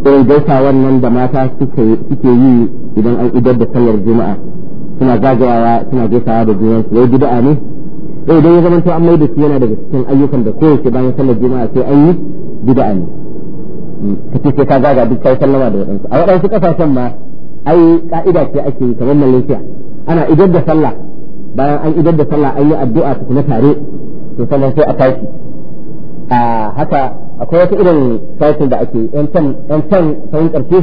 irin gaisa wannan da mata suke yi idan an idar da sallar juma'a suna zagayawa suna gaisawa da su wai bid'a ne eh idan ya zama to an mai da shi yana daga cikin ayyukan da kowace bayan sallar juma'a sai an yi bid'a ne kace sai ka zaga duk kai sallama da wadansu a wadansu kasashen ma ai ka'ida ce ake yi kamar malaysia ana idar da sallah bayan an idar da sallah an yi addu'a tukuna tare to sannan sai a tashi a haka akwai wata irin tashin da ake yan can yan can sahun karshe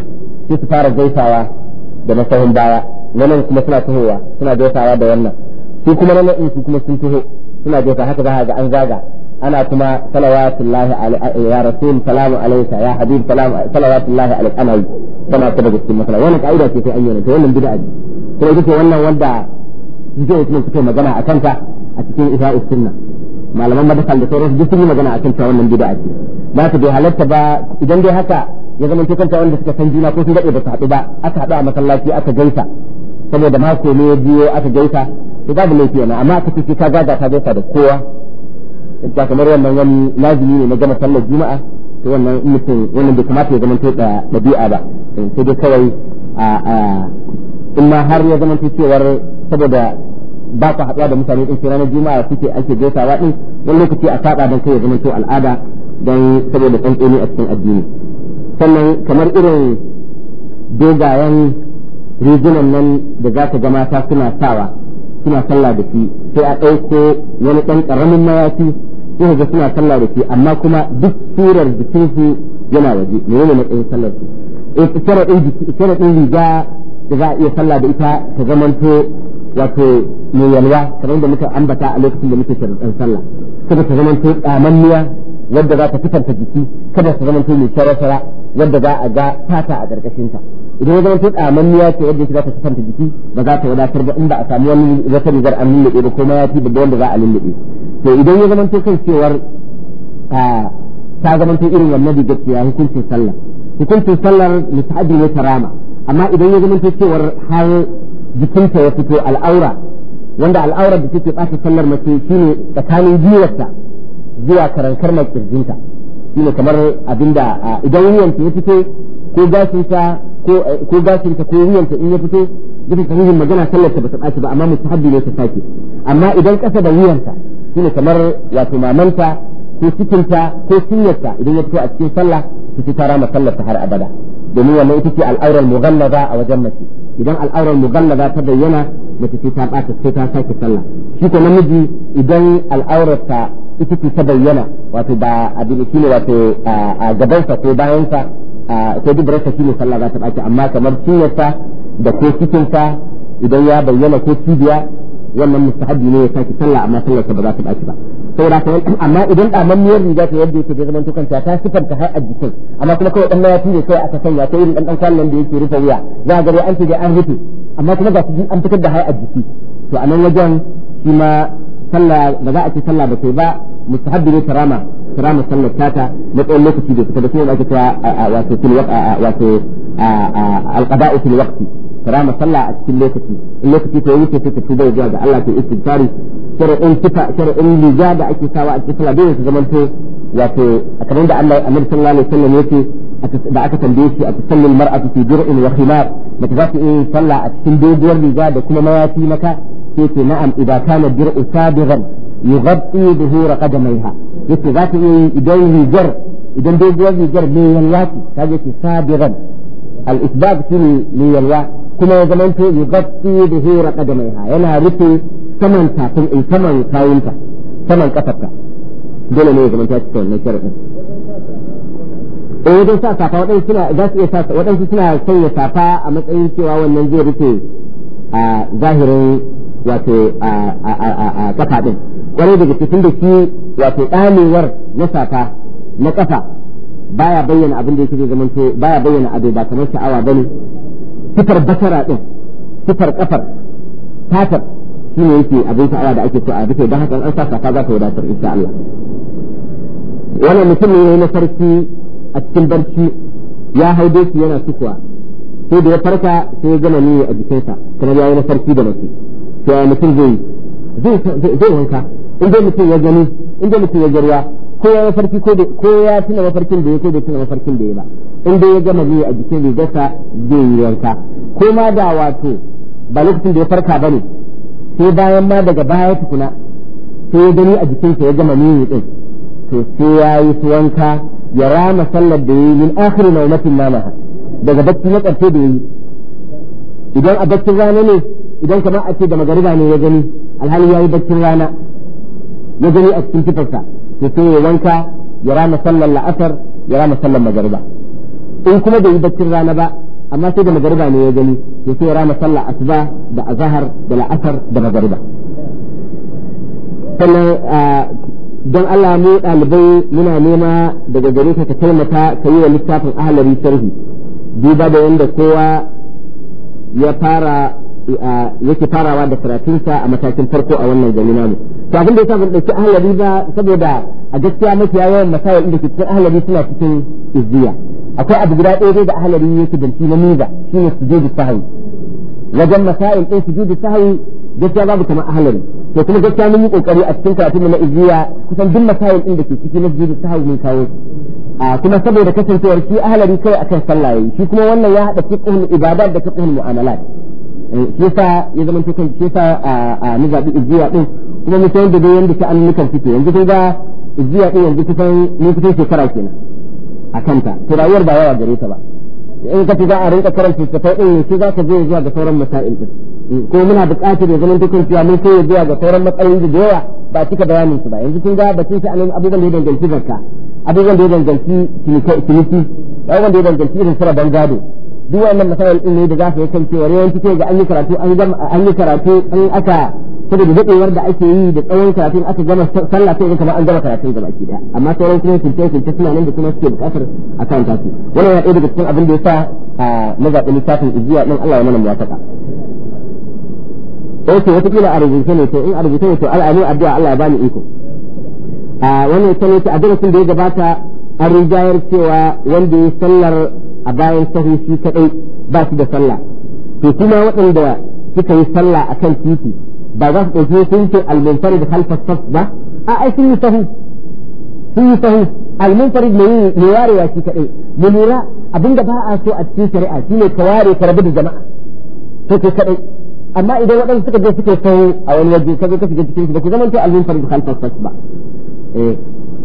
sai su fara gaisawa da na sahun baya wannan kuma suna tahowa suna gaisawa da wannan su kuma nan in su kuma sun taho suna gaisawa haka za ga an zaga ana kuma salawatullahi alaihi ya rasul salamu alayka ya habib salamu salawatullahi alaihi ana yi tana ta daga cikin masala wannan kaida ce sai ayyana to wannan bid'a ce kuma ita ce wannan wanda jiya mutum suke magana a kanta a cikin isa'us sunna malaman madasal da sauransu duk sun yi magana a kan cewa wannan bid'a ce ba su bai halatta ba idan dai haka ya zama cikin ta wanda suka san juna ko sun daɗe ba su haɗu ba aka haɗu a masallaci aka gaisa saboda mako ne ya biyo aka gaisa to babu laifi yana amma aka ce ka gaza ta gaisa da kowa ta kamar wannan wani lazimi ne na gama sallar juma'a to wannan mutum wannan bai kamata ya zama ta da dabi'a ba sai dai kawai a in ma har ya zama to cewar saboda ba ku haɗuwa da mutane ɗin sai ranar juma'a suke ake gaisawa ɗin wani lokaci a saba don kai ya zama kyau al'ada don saboda tsantseni a cikin addini sannan kamar irin dogayen rigunan nan da za ka ga mata suna sawa suna sallah da shi sai a ɗauko wani ɗan ƙaramin mayafi sai ga suna sallah da shi amma kuma duk surar su yana waje na matsayin sallar su eh, sharaɗin riga da za a iya sallah da ita ta zamanto wato mai yalwa kamar da muka ambata a lokacin da muke shirin sallah kada ta zamanto tsamanniya wadda za ta fitarta jiki kada ta zamanto mai shara-shara wadda za a ga fata a ƙarƙashinta idan ya zamanto tsamanniya ce wadda za ta fitarta jiki ba za ta wadatar ba in ba a samu wani wata rigar an lullube ba ko mayafi da wanda za a lullube to idan ya zamanto kan cewar ta zamanto irin wannan rigar ce ya hukuncin sallah hukuncin sallar misali ne ta rama amma idan ya zamanto cewar har jikinta ya fito al'aura wanda al'aurar da take ɓata sallar mace shine tsakanin jiwarta zuwa karankar mai kirjinta shine kamar abinda idan wuyanta ya fito ko gashinta ko eh, gashinta ko wuyanta in ya fito bisa sahihin magana ba ta bata ɓaci ba amma mustahabbi ne ta sake amma idan ƙasa da wuyanta shine kamar wato mamanta ko cikinta ko cinyarta idan ya fito a cikin sallah ta ci ta rama sallar har abada domin wannan ita ce al'aurar mughallaza a wajen mace idan al'aurar mugallaba ta bayyana mace ce ta bata sai ta sake sallah shi ko namiji idan al'aurarsa ita ce ta bayyana wato ba abin shi ne wato a gabansa ko bayansa ko dubarsa shi ne sallah za ta amma kamar cinyarsa da ko cikinsa idan ya bayyana ko cibiya wannan mustahabi ne ya sake sallah amma sallarsa ba za ta baki ba saboda haka amma idan miyar riga ta yadda yake da zaman tukanta ta sifanta har a jikin amma kuma kawai ɗan ya ne sai aka sanya ta irin dan kwallon da yake rufe wuya za a gari an ce da an rufe amma kuma ga su an fitar da har a jiki to a nan wajen shi ma sallah ba za a ce sallah ba sai ba mustahabbi ne karama karama sallar tata na tsawon lokaci da suka da kuma ake cewa wato fil wato alqada'u fil waqti karama sallah a cikin lokaci in lokaci to wuce sai ka tuba zuwa ga Allah ta istighfari shar'in kifa shar'in lija da ake sawa a cikin sallah dole su zamanto wato kamar da Allah Annabi sallallahu alaihi wasallam yake da aka tambaye shi a tusalli mar'atu fi jur'in wa khimar mace za ta yi sallah a cikin doguwar riga da kuma mayafi maka sai ce na'am idan kana jur'u sabiran yughatti dhuhura qadamaiha yace za ta yi idan rigar idan doguwar rigar ne yalwati kaje ce sabiran al-isbab shine ne yalwati kuma ya da hira kada mai ha yana rufe saman tafin in eh, saman kayunta saman kafarta dole ne ya zamanto cikin wannan sharadin eh wajen sa safa waɗansu suna za su iya sa waɗansu suna sanya safa a matsayin cewa wannan zai rufe a zahirin wato a kafa ɗin kwarai daga cikin da shi wato ɗalewar na safa na kafa baya bayyana abin da yake zai zamanto baya bayyana abu ba kamar sha'awa ba ne. sifar basara din sifar kafar fatar shi ne yake abin sha'awa da ake so a rufe don haka an sa kafa za ta wadatar insha Allah wannan mutum ne na sarki a cikin barci ya haide shi yana sukuwa sai da ya farka sai ya gama ne a jikinsa kamar ya yi na sarki da mace sai mutum zai zai wanka in dai mutum ya gani in dai mutum ya garwa ko ya mafarki ko da ko ya tuna mafarkin da ya ko bai tuna mafarkin da ya ba in dai ya gama biyu a jikin rigarsa zai yi wanka ko ma da wato ba lokacin da ya farka bane sai bayan ma daga baya tukuna sai ya gani a jikinsa ya gama miyi din to sai ya yi wanka ya rama sallar da ya yi min akhiri naumatin namaha daga bacci na karfe da yi idan a baccin rana ne idan kamar a ce da magariba ne ya gani alhali ya yi baccin rana ya gani a cikin tufarsa ya ya wanka ya rama sallar la'asar ya rama sallar magariba in kuma bai yi baccin rana ba amma sai da magariba ne ya gani ya so ya rama sallar asuba da azahar da la'asar da magariba sannan don Allah mu ɗalibai muna nema daga gare ka ka taimaka ka yi wa littafin ahalari sharhi duba da yanda kowa ya fara yake farawa da karatunsa a matakin farko a wannan gani namu to abin da yasa ban dauki ahlabi ba saboda a gaskiya mafiya yawan masail inda ke cikin ahlabi suna cikin izziya akwai abu guda ɗaya dai da ahlabi yake shi na miza shine sujudu sahwi wajen masail din sujudu sahwi gaskiya babu kamar ahlabi to kuma gaskiya mun yi kokari a cikin karatun na izziya kusan duk masail din da ke cikin sujudu sahwi mun kawo a kuma saboda kasancewar shi ahlabi kai akan sallah yayi shi kuma wannan ya hada fiqhul ibadat da fiqhul mu'amalat eh, shi yasa ya zama cikin shi yasa a nizabi izziya din kuma mu san da dai yanda ta annukan fito yanzu kun ga izziya ɗin yanzu kusan ne kusan shekara kenan a kanta to rayuwar ba yawa gare ta ba in ka za a rinka karanta ta kai din shi za ka zo zuwa ga sauran masail din mm, ko muna buƙatar ya zama dukkan cewa mun ya zuwa ga sauran matsayin da yawa ba cika bayanin su ba yanzu kun ga batun shi anan abubuwan da ya danganci zakka abubuwan da ya danganci ciniki abubuwan da ya danganci irin sura bangado duk wannan masail din ne da za ka yi kan cewa yawanci kai ga an yi karatu an yi karatu an aka saboda dadewar da ake yi da tsawon karatun aka gama sallah sai kamar an gama karatun gaba ki da amma sauran kuma kunce kunce suna nan da kuma suke bukatar a kan tasu wannan ya ɗaya daga cikin abin da ya sa na zaɓi littafin ijiya ɗin Allah ya mana muwafaka eh, ok wata kila a rubuce ne to in a rubuce ne to al'ani addu'a Allah ya bani iko a wannan ya ce a darasin da ya gabata an rijayar cewa wanda ya sallar a bayan sahu shi kadai ba shi da sallah to kuma waɗanda suka yi sallah akan titi ba za su ɗauki sun ce al-munfarid khalfa saf ba a ai sun yi sahu sun yi sahu al-munfarid ne ne warewa shi kadai mu lura abinda ba a so a cikin shari'a ne ka ware ka rabu da jama'a to ke kadai amma idan waɗansu suka je suka sahu a wani waje kaje ka shiga cikin shi ba ku zama to al-munfarid khalfa saf ba eh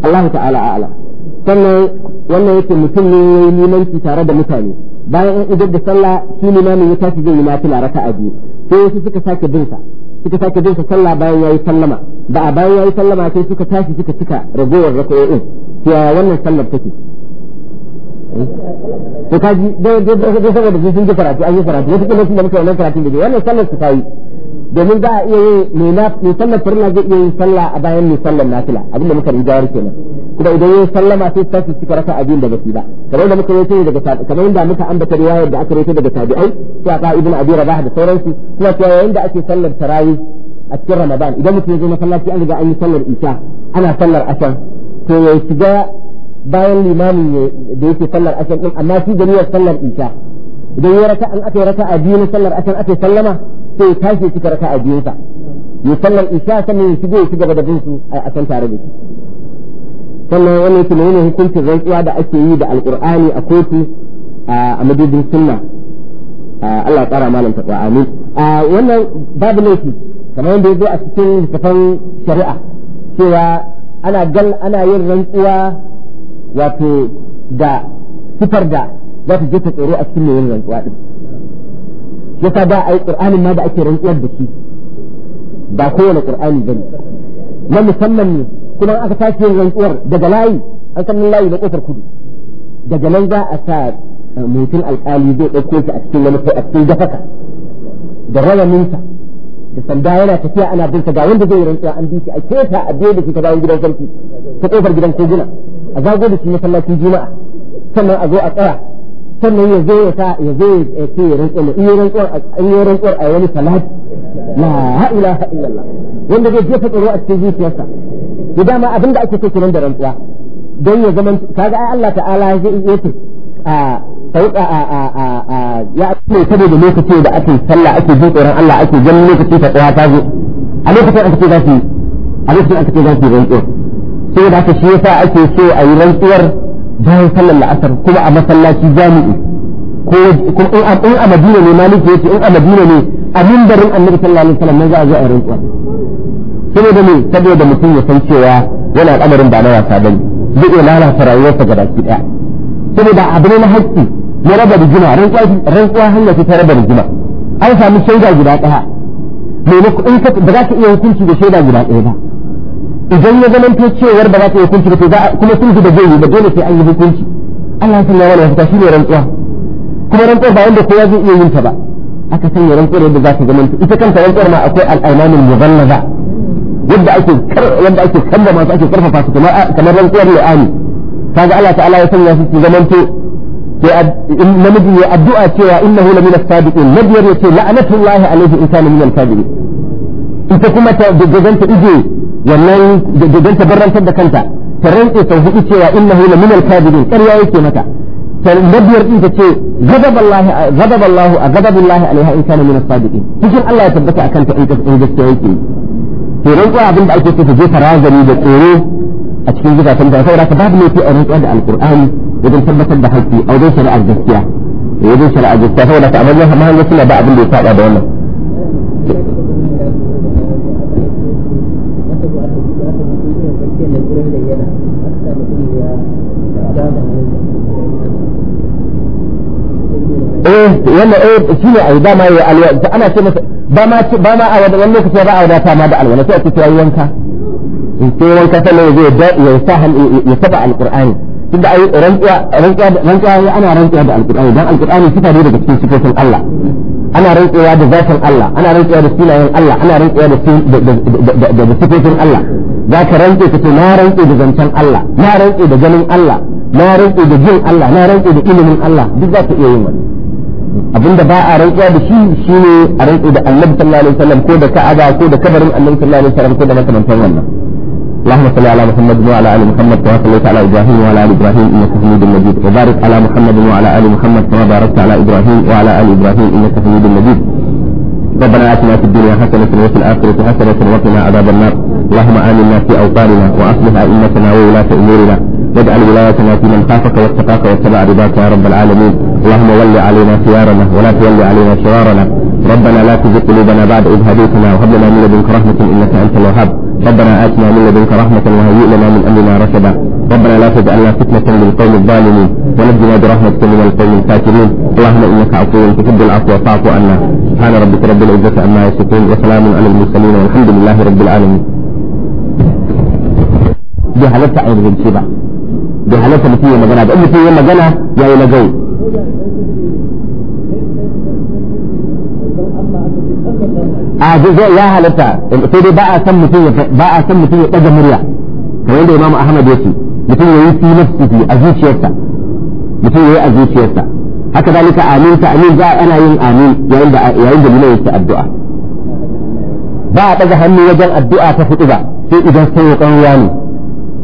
Allah ta'ala a'lam sannan wannan yake mutum ne ya yi limanci tare da mutane bayan an idar da sallah shi limamin ya tashi zai yi nafila raka'a biyu sai wasu suka sake bin sa suka sake bin sa sallah bayan yayi sallama ba a bayan yayi sallama sai suka tashi suka cika ragowar raka'o'in to ya wannan sallar take eh? to kaji da da da saboda sun ji karatu an yi karatu wata kuma sun da muka wannan karatu da wannan sallar su ta yi domin za a iya yin mai sallar zai iya yin sallah a bayan mai sallar nafila abinda muka kenan kuma idan ya sallama sai su tashi suka raka abin da basu ba kamar da muka yi daga kamar yadda muka ambata riwayar da aka rawaito daga tabi'ai sai aka ibn abi rabah da sauransu kuma cewa yayin da ake sallar tarawih a cikin ramadan idan mutum ya zo masallaci an riga an yi sallar isha ana sallar ashan to ya shiga bayan limamin da yake sallar din amma shi gani ya sallar isha idan ya raka an aka raka a na sallar aka sallama sai ya tashi cika raka a biyunsa ya sallar isha sannan ya shigo ya shiga da su a asan tare da shi sannan wani su ne hukuncin rantsuwa da ake yi da alkur'ani a kotu a madadin sunna Allah ya kara malam taqwa amin wannan babu laifi kamar yadda yazo a cikin littafin shari'a cewa ana gal ana yin rantsuwa wato da sifar da za ta je ta tsoro a cikin yin rantsuwa din yasa da ai qur'anin ma da ake rantsuwar da shi ba kowane qur'ani bane na musamman ne kuma aka tashi yin rantsuwar daga layi an san layi na kofar kudu daga nan za a sa eh, mutum alƙali zai ɗauko shi a cikin wani a cikin dafaka da rawaninsa da sanda yana tafiya ana bin sa ga wanda zai rantsuwa an bi shi a keta a biyo da shi ta bayan gidan sarki ta kofar gidan koguna a zago da shi masallacin juma'a sannan a zo a tsaya sannan ya zo ya sa ya zo ya ce ya rantsuwa in yi rantsuwar in yi rantsuwar a wani salat la ilaha illallah wanda zai jefa tsaro a cikin zuciyarsa ku dama abin da ake so kenan da rantsuwa don ya zama kaga ai Allah ta'ala zai iya ce a sauka a a a a ya ne saboda lokacin da ake sallah ake jin tsoron Allah ake ganin lokacin ta tsaya ta zo a lokacin da ce za su a lokacin aka ce za su rantsuwa saboda haka shi yasa ake so a yi rantsuwar bayan sallar la'asar kuma a masallaci jami'i ko in a Madina ne maliki yace in a Madina ne a mimbarin Annabi sallallahu alaihi wasallam ne za a zo a rantsuwa da me saboda mutum ya san cewa yana al'amarin ba na wasa bane zai iya lalata rayuwarsa ga baki daya saboda abu ne na hakki na raba rigima rantsuwa hanya ce ta raba rigima an samu shaida guda daya maimakon in ka ba za ka iya hukunci da shaida guda daya ba idan ya zama to cewar ba za ta iya hukunci ba za kuma sun ji da zai yi ba dole sai an yi hukunci Allah sun yawa ya fita shi ne rantsuwa kuma rantsuwar ba wanda kowa zai iya yin ta ba aka sanya rantsuwar yadda za ta zama ita kanta rantsuwar ma akwai al'aimanin muzallaza yadda ake yadda ake kalla masu ake karfafa su kamar kamar rantsuwar la'ani kaga Allah ta'ala ya sanya su su zamanto ke namiji ya addu'a cewa innahu la min as-sadiqin nabiyar yace la'anatullahi alayhi in kana min al-sadiqin ita kuma ta gaganta ije wannan gaganta barrantar da kanta ta rantse ta hudu cewa innahu la min al-sadiqin ƙarya yake mata nabiyar din ta ce ghadaballahi ghadaballahu ghadabullahi alaiha in kana min as-sadiqin cikin Allah ya tabbata akan ta in gaskiya yake to rantsuwa abin da ake so ta jefa razani da tsoro a cikin zukatan da saboda babu laifi a rantsuwa da alkur'ani wajen tabbatar da haƙƙi a wajen shari'ar gaskiya a wajen shari'ar gaskiya saboda ka abin yawan mahanga suna ba abin da ya saba da wannan eh wannan eh shine ai dama ya alwa ana ce masa ba ma ba ma a wani lokaci ba a wadata ma da alwala sai a ce yayi wanka in sai wanka sai zai da ya sa ya saba alqur'ani tunda ai rantsuwa rantsuwa rantsuwa ana rantsuwa da alqur'ani dan alqur'ani sifa ne daga cikin sifofin Allah ana rantsuwa da zatin Allah ana rantsuwa da sunayen Allah ana rantsuwa da da sifofin Allah za ka rantsu ka ce na rantsu da zancen Allah na rantsu da ganin Allah na rantsu da jin Allah na rantsu da ilimin Allah duk za ka iya yin wannan abinda ba a rantsuwa da shi shi ne a rantsu da annabi sallallahu alaihi wasallam ko da ka'aba ko da kabarin annabi sallallahu alaihi wasallam ko da makamantan wannan اللهم صل على محمد وعلى ال محمد كما صليت على ابراهيم وعلى ال ابراهيم انك حميد مجيد وبارك على محمد وعلى ال محمد كما باركت على ابراهيم وعلى ال ابراهيم انك حميد مجيد ربنا اتنا في الدنيا حسنه وفي الاخره حسنه وقنا عذاب النار اللهم امنا في اوطاننا واصلح ائمتنا وولاه امورنا واجعل ولايتنا في من خافك واتقاك واتبع رضاك يا رب العالمين اللهم ول علينا خيارنا ولا تول علينا شرارنا ربنا لا تزغ قلوبنا بعد إذ هديتنا وهب لنا من لدنك رحمة إنك أنت الوهاب ربنا آتنا من لدنك رحمة وهيئ لنا من أمرنا رشدا ربنا لا تجعلنا فتنة للقوم الظالمين ونجنا برحمتك من القوم الكافرين اللهم إنك عفو تحب العفو فاعف عنا سبحان ربك رب العزة عما يصفون وسلام على المرسلين والحمد لله رب العالمين. دي حالتها عين غنشي بقى da halatta mutum ya magana da in mutum ya magana ya yi lagau a zai ya halatta sai dai ba a san mutum ya ba a san mutum ya daga murya kamar yadda Imam Ahmad yace mutum yayi fi nafsihi a zuciyarsa mutum yayi a zuciyarsa haka dalika amin ta amin za ana yin amin yayin da yayin da mutum yake addu'a ba a daga hannu wajen addu'a ta hudu ba sai idan sai ya kan ne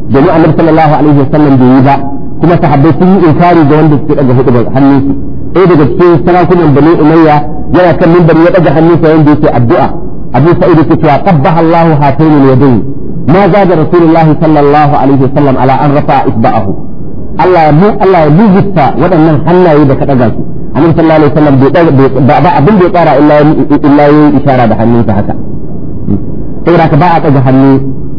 domin annabi sallallahu alaihi wasallam bai yi ba kuma sahabbai sun yi inkari ga wanda suke daga hudu hannun su ɗaya daga cikin sarakunan bani umayya yana kan minbari ya daga hannunsa yanda yake addu'a abu sa'id yake cewa qabbaha Allahu hatayn yadayn ma zaga rasulullahi sallallahu alaihi wasallam ala an rafa isba'ahu Allah mu Allah ya lujista waɗannan hannaye da ka daga su annabi sallallahu alaihi wasallam bai abin da ya tsara illa illa yi isharar da hannunsa haka ka ba a daga hannu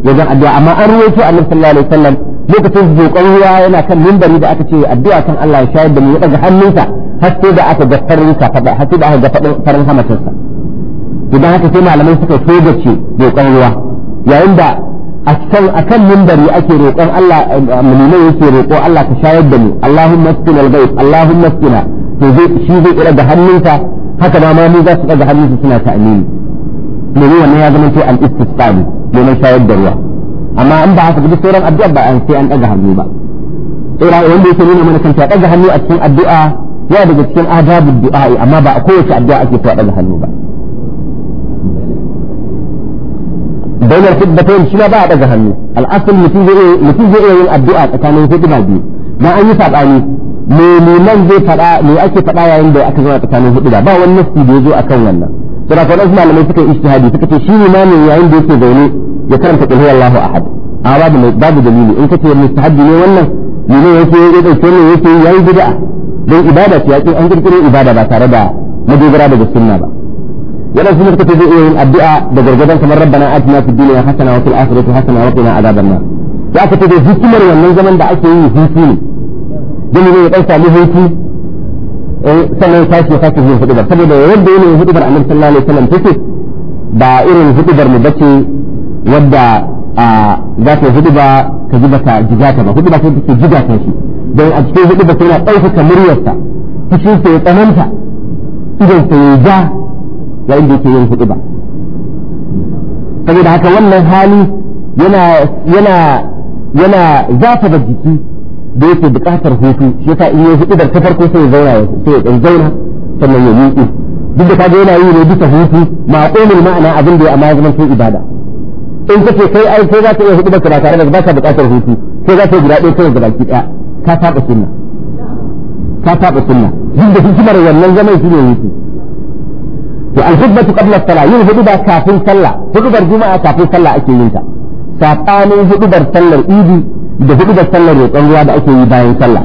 wajen addu'a amma an ruwaito annabi sallallahu alaihi wasallam lokacin jokon ruwa yana kan mimbari da aka ce addu'a kan Allah ya shayar da mu ya daga hannunsa har sai da aka ga farin sa har sai da aka ga farin sa idan haka sai malamai suka ce jokon ruwa yayin da akan akan mimbari ake roƙon Allah mulmai yake roƙo Allah ka shayar da mu Allahumma asqina al-bayt Allahumma asqina to zai shi zai da hannunsa haka ma mu za su daga hannunsa suna ta'amini domin wannan ya zama sai al istisqali domin shayar da ruwa amma an ba haka duk sauran addu'a ba an sai an daga hannu ba ira wanda yake nuna mana kanta daga hannu a cikin addu'a ya daga cikin adabu du'a amma ba a kowace addu'a ake so daga hannu ba ba a بين الخطبتين شنا بعد جهنم الاصل نتيجه نتيجه ايه الدعاء كان الخطبه دي ما اني سباني nan zai fada مي ake fada yayin da aka zo a tsakanin hudu ba wani nasi da yazo akan wannan da rafa wasu malamai suka yi ijtihadi suka ce shi malamin yayin da yake zaune ya karanta qul huwallahu ahad a babu babu dalili in kace mustahabbi ne wannan ne yake ya da yake yake yayi bid'a dan ibada ce yake an kirkiro ibada ba tare da madogara daga sunna ba yana sunna suka ce zai yin addu'a da gargadan kamar rabbana atina fid dunya hasana wa fil akhirati hasana wa qina adhaban nar ya kace da hikimar wannan zaman da ake yi hutu ne dan ne ya dauka samu hutu Eh, sannan sashi ya sake yin hudubar saboda yadda yin hudubar annabi sallallahu alaihi wasallam take ba irin hudubar mu bace wadda za ta huduba ka ji baka jigata ba huduba ta take jigata shi don a cikin huduba sai na ɗaukaka muryarsa cikin sa ya tsananta idan sa ya ja yayin da yake yin huduba saboda haka wannan hali yana yana yana zafa da jiki da yake buƙatar hutu yasa in ya hudu da ta farko sai ya zauna sai ya dan zauna sannan ya miƙe duk da kaga yana yi ne bisa hutu ma ma'qulul ma'ana abin da ya amma ya zama sai ibada in kace kai ai sai za ka iya hudu da ba tare da ba ka buƙatar hutu sai za ka guda ɗaya kawai gabaki ɗaya ka saba sunna ka saba sunna duk da hikimar wannan zaman ne hutu to al hudba qabla as-salah yin hudu da kafin sallah hudu bar juma'a kafin sallah ake yin ta sabanin hudu bar sallar idi da hudu da sallar roƙon ruwa da ake yi bayan sallah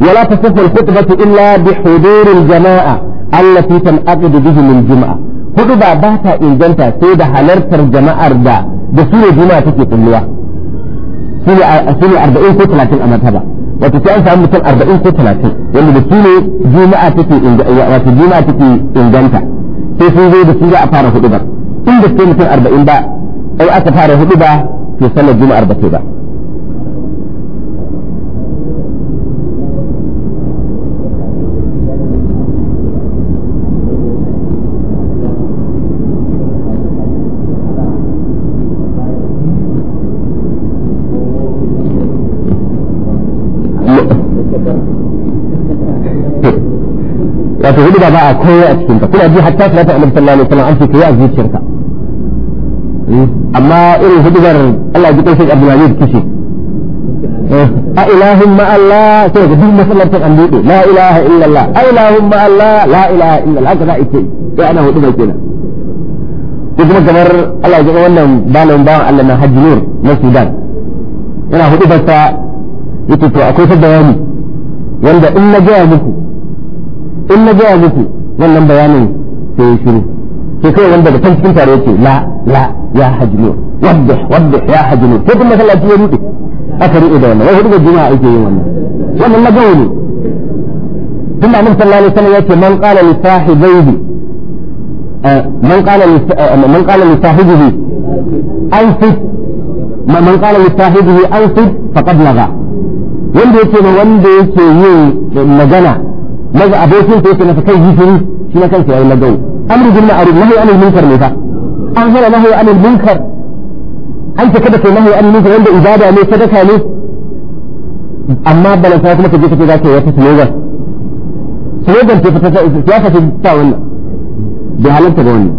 wala tasaffu al ta illa bi hudur al-jama'a allati da bihi min juma hudu ba ba ta inganta sai da halartar jama'ar da da sune juma'a take kulluwa sune sune 40 ko 30 a martaba wato sai an samu mutum 40 ko 30 wanda da juma'a take inganta sai sun zo da su a fara hudu ba inda sai mutum 40 ba ai aka fara hudu ba to sallar juma'ar ba ba wato hudu ba a koyo a cikin ta kuna ji hatta salatu annabi sallallahu alaihi wasallam an ce koyi a zuciyarka hmm. amma irin hudubar Allah ya ji kai shi Abdul Aziz kishi eh, a ilahun ma'allah sai ga duk masallantar an buɗe la ilaha illallah a ilahun ma'allah la ilaha illallah haka za a ce sai eh, ana hudu kenan ko kuma kamar Allah ya ji wannan balan bawan Allah na Hajji Nur na Sudan yana hudu sa yake to akwai ta wanda in na gaya muku in na gaya muku wannan bayanin sai ya shiru sai wanda da kan cikin tare yake la la ya hajjino wadda wadda ya hajjino sai kuma masallaci ya rufe aka rufe da wannan wai hudu juma'a ake yin wannan wannan na gawo ne tunda annabi sallallahu alaihi wasallam yake man qala li man qala li man qala li sahibihi anfit eh, man qala li eh, anfit faqad laga wanda yake wanda yake yin magana maza abokin sai yake masa kai zikiri shi na kansa yayi lagau amru bil ma'ruf nahi anil munkar ne fa an hana nahi anil munkar an ce kada kai nahi anil munkar wanda ibada ne sadaka ne amma balanta kuma kaje kace za ka yi wata slogan slogan ce fata siyasa ce ta wannan bai halarta ga wannan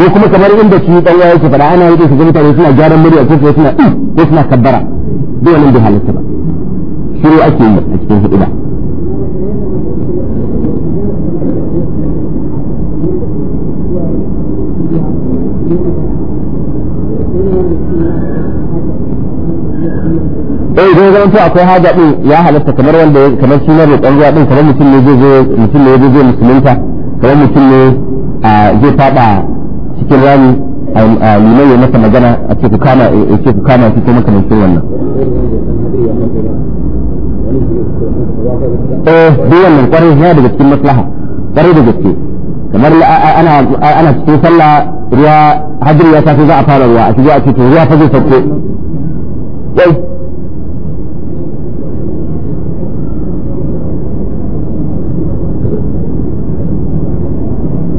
ko kuma kamar inda shi dan yayi ke fada ana yi su ga mutane suna gyaran murya ko suna ko suna kabbara duk wannan bai halarta ba shiru ake yi a cikin hudda eh zai zan to akwai haja din ya halatta kamar wanda kamar shi na roƙon ruwa din kamar mutum ne zai zo mutum ne zai zo musulunta kamar mutum ne zai faɗa cikin rami a liman ya masa magana a ce ku kama ya ce ku kama shi ko shi wannan eh duk wannan kwarai yana daga cikin maslaha kwarai da gaske kamar ana ana cikin sallah ريا هدري يا سيدي ذا أفعل الله أتجي أتجي تريا فجي سبتي جاي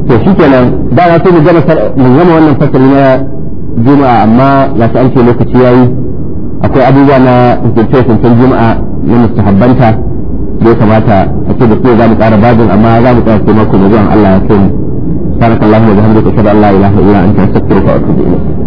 تشيك أنا دا نسي نجمع سر نجمع وانا نفكر لنا جمعة ما لا تأنتي لك تياي أكو أبي وانا نتفكر في الجمعة من استحبانتا ليس ماتا أكيد أكيد ذلك أربادل أما ذلك أكيد ماكو نجوان الله يكون Barakallahu wa bihamdika asyhadu an la ilaha illa anta astaghfiruka wa atubu ilaik.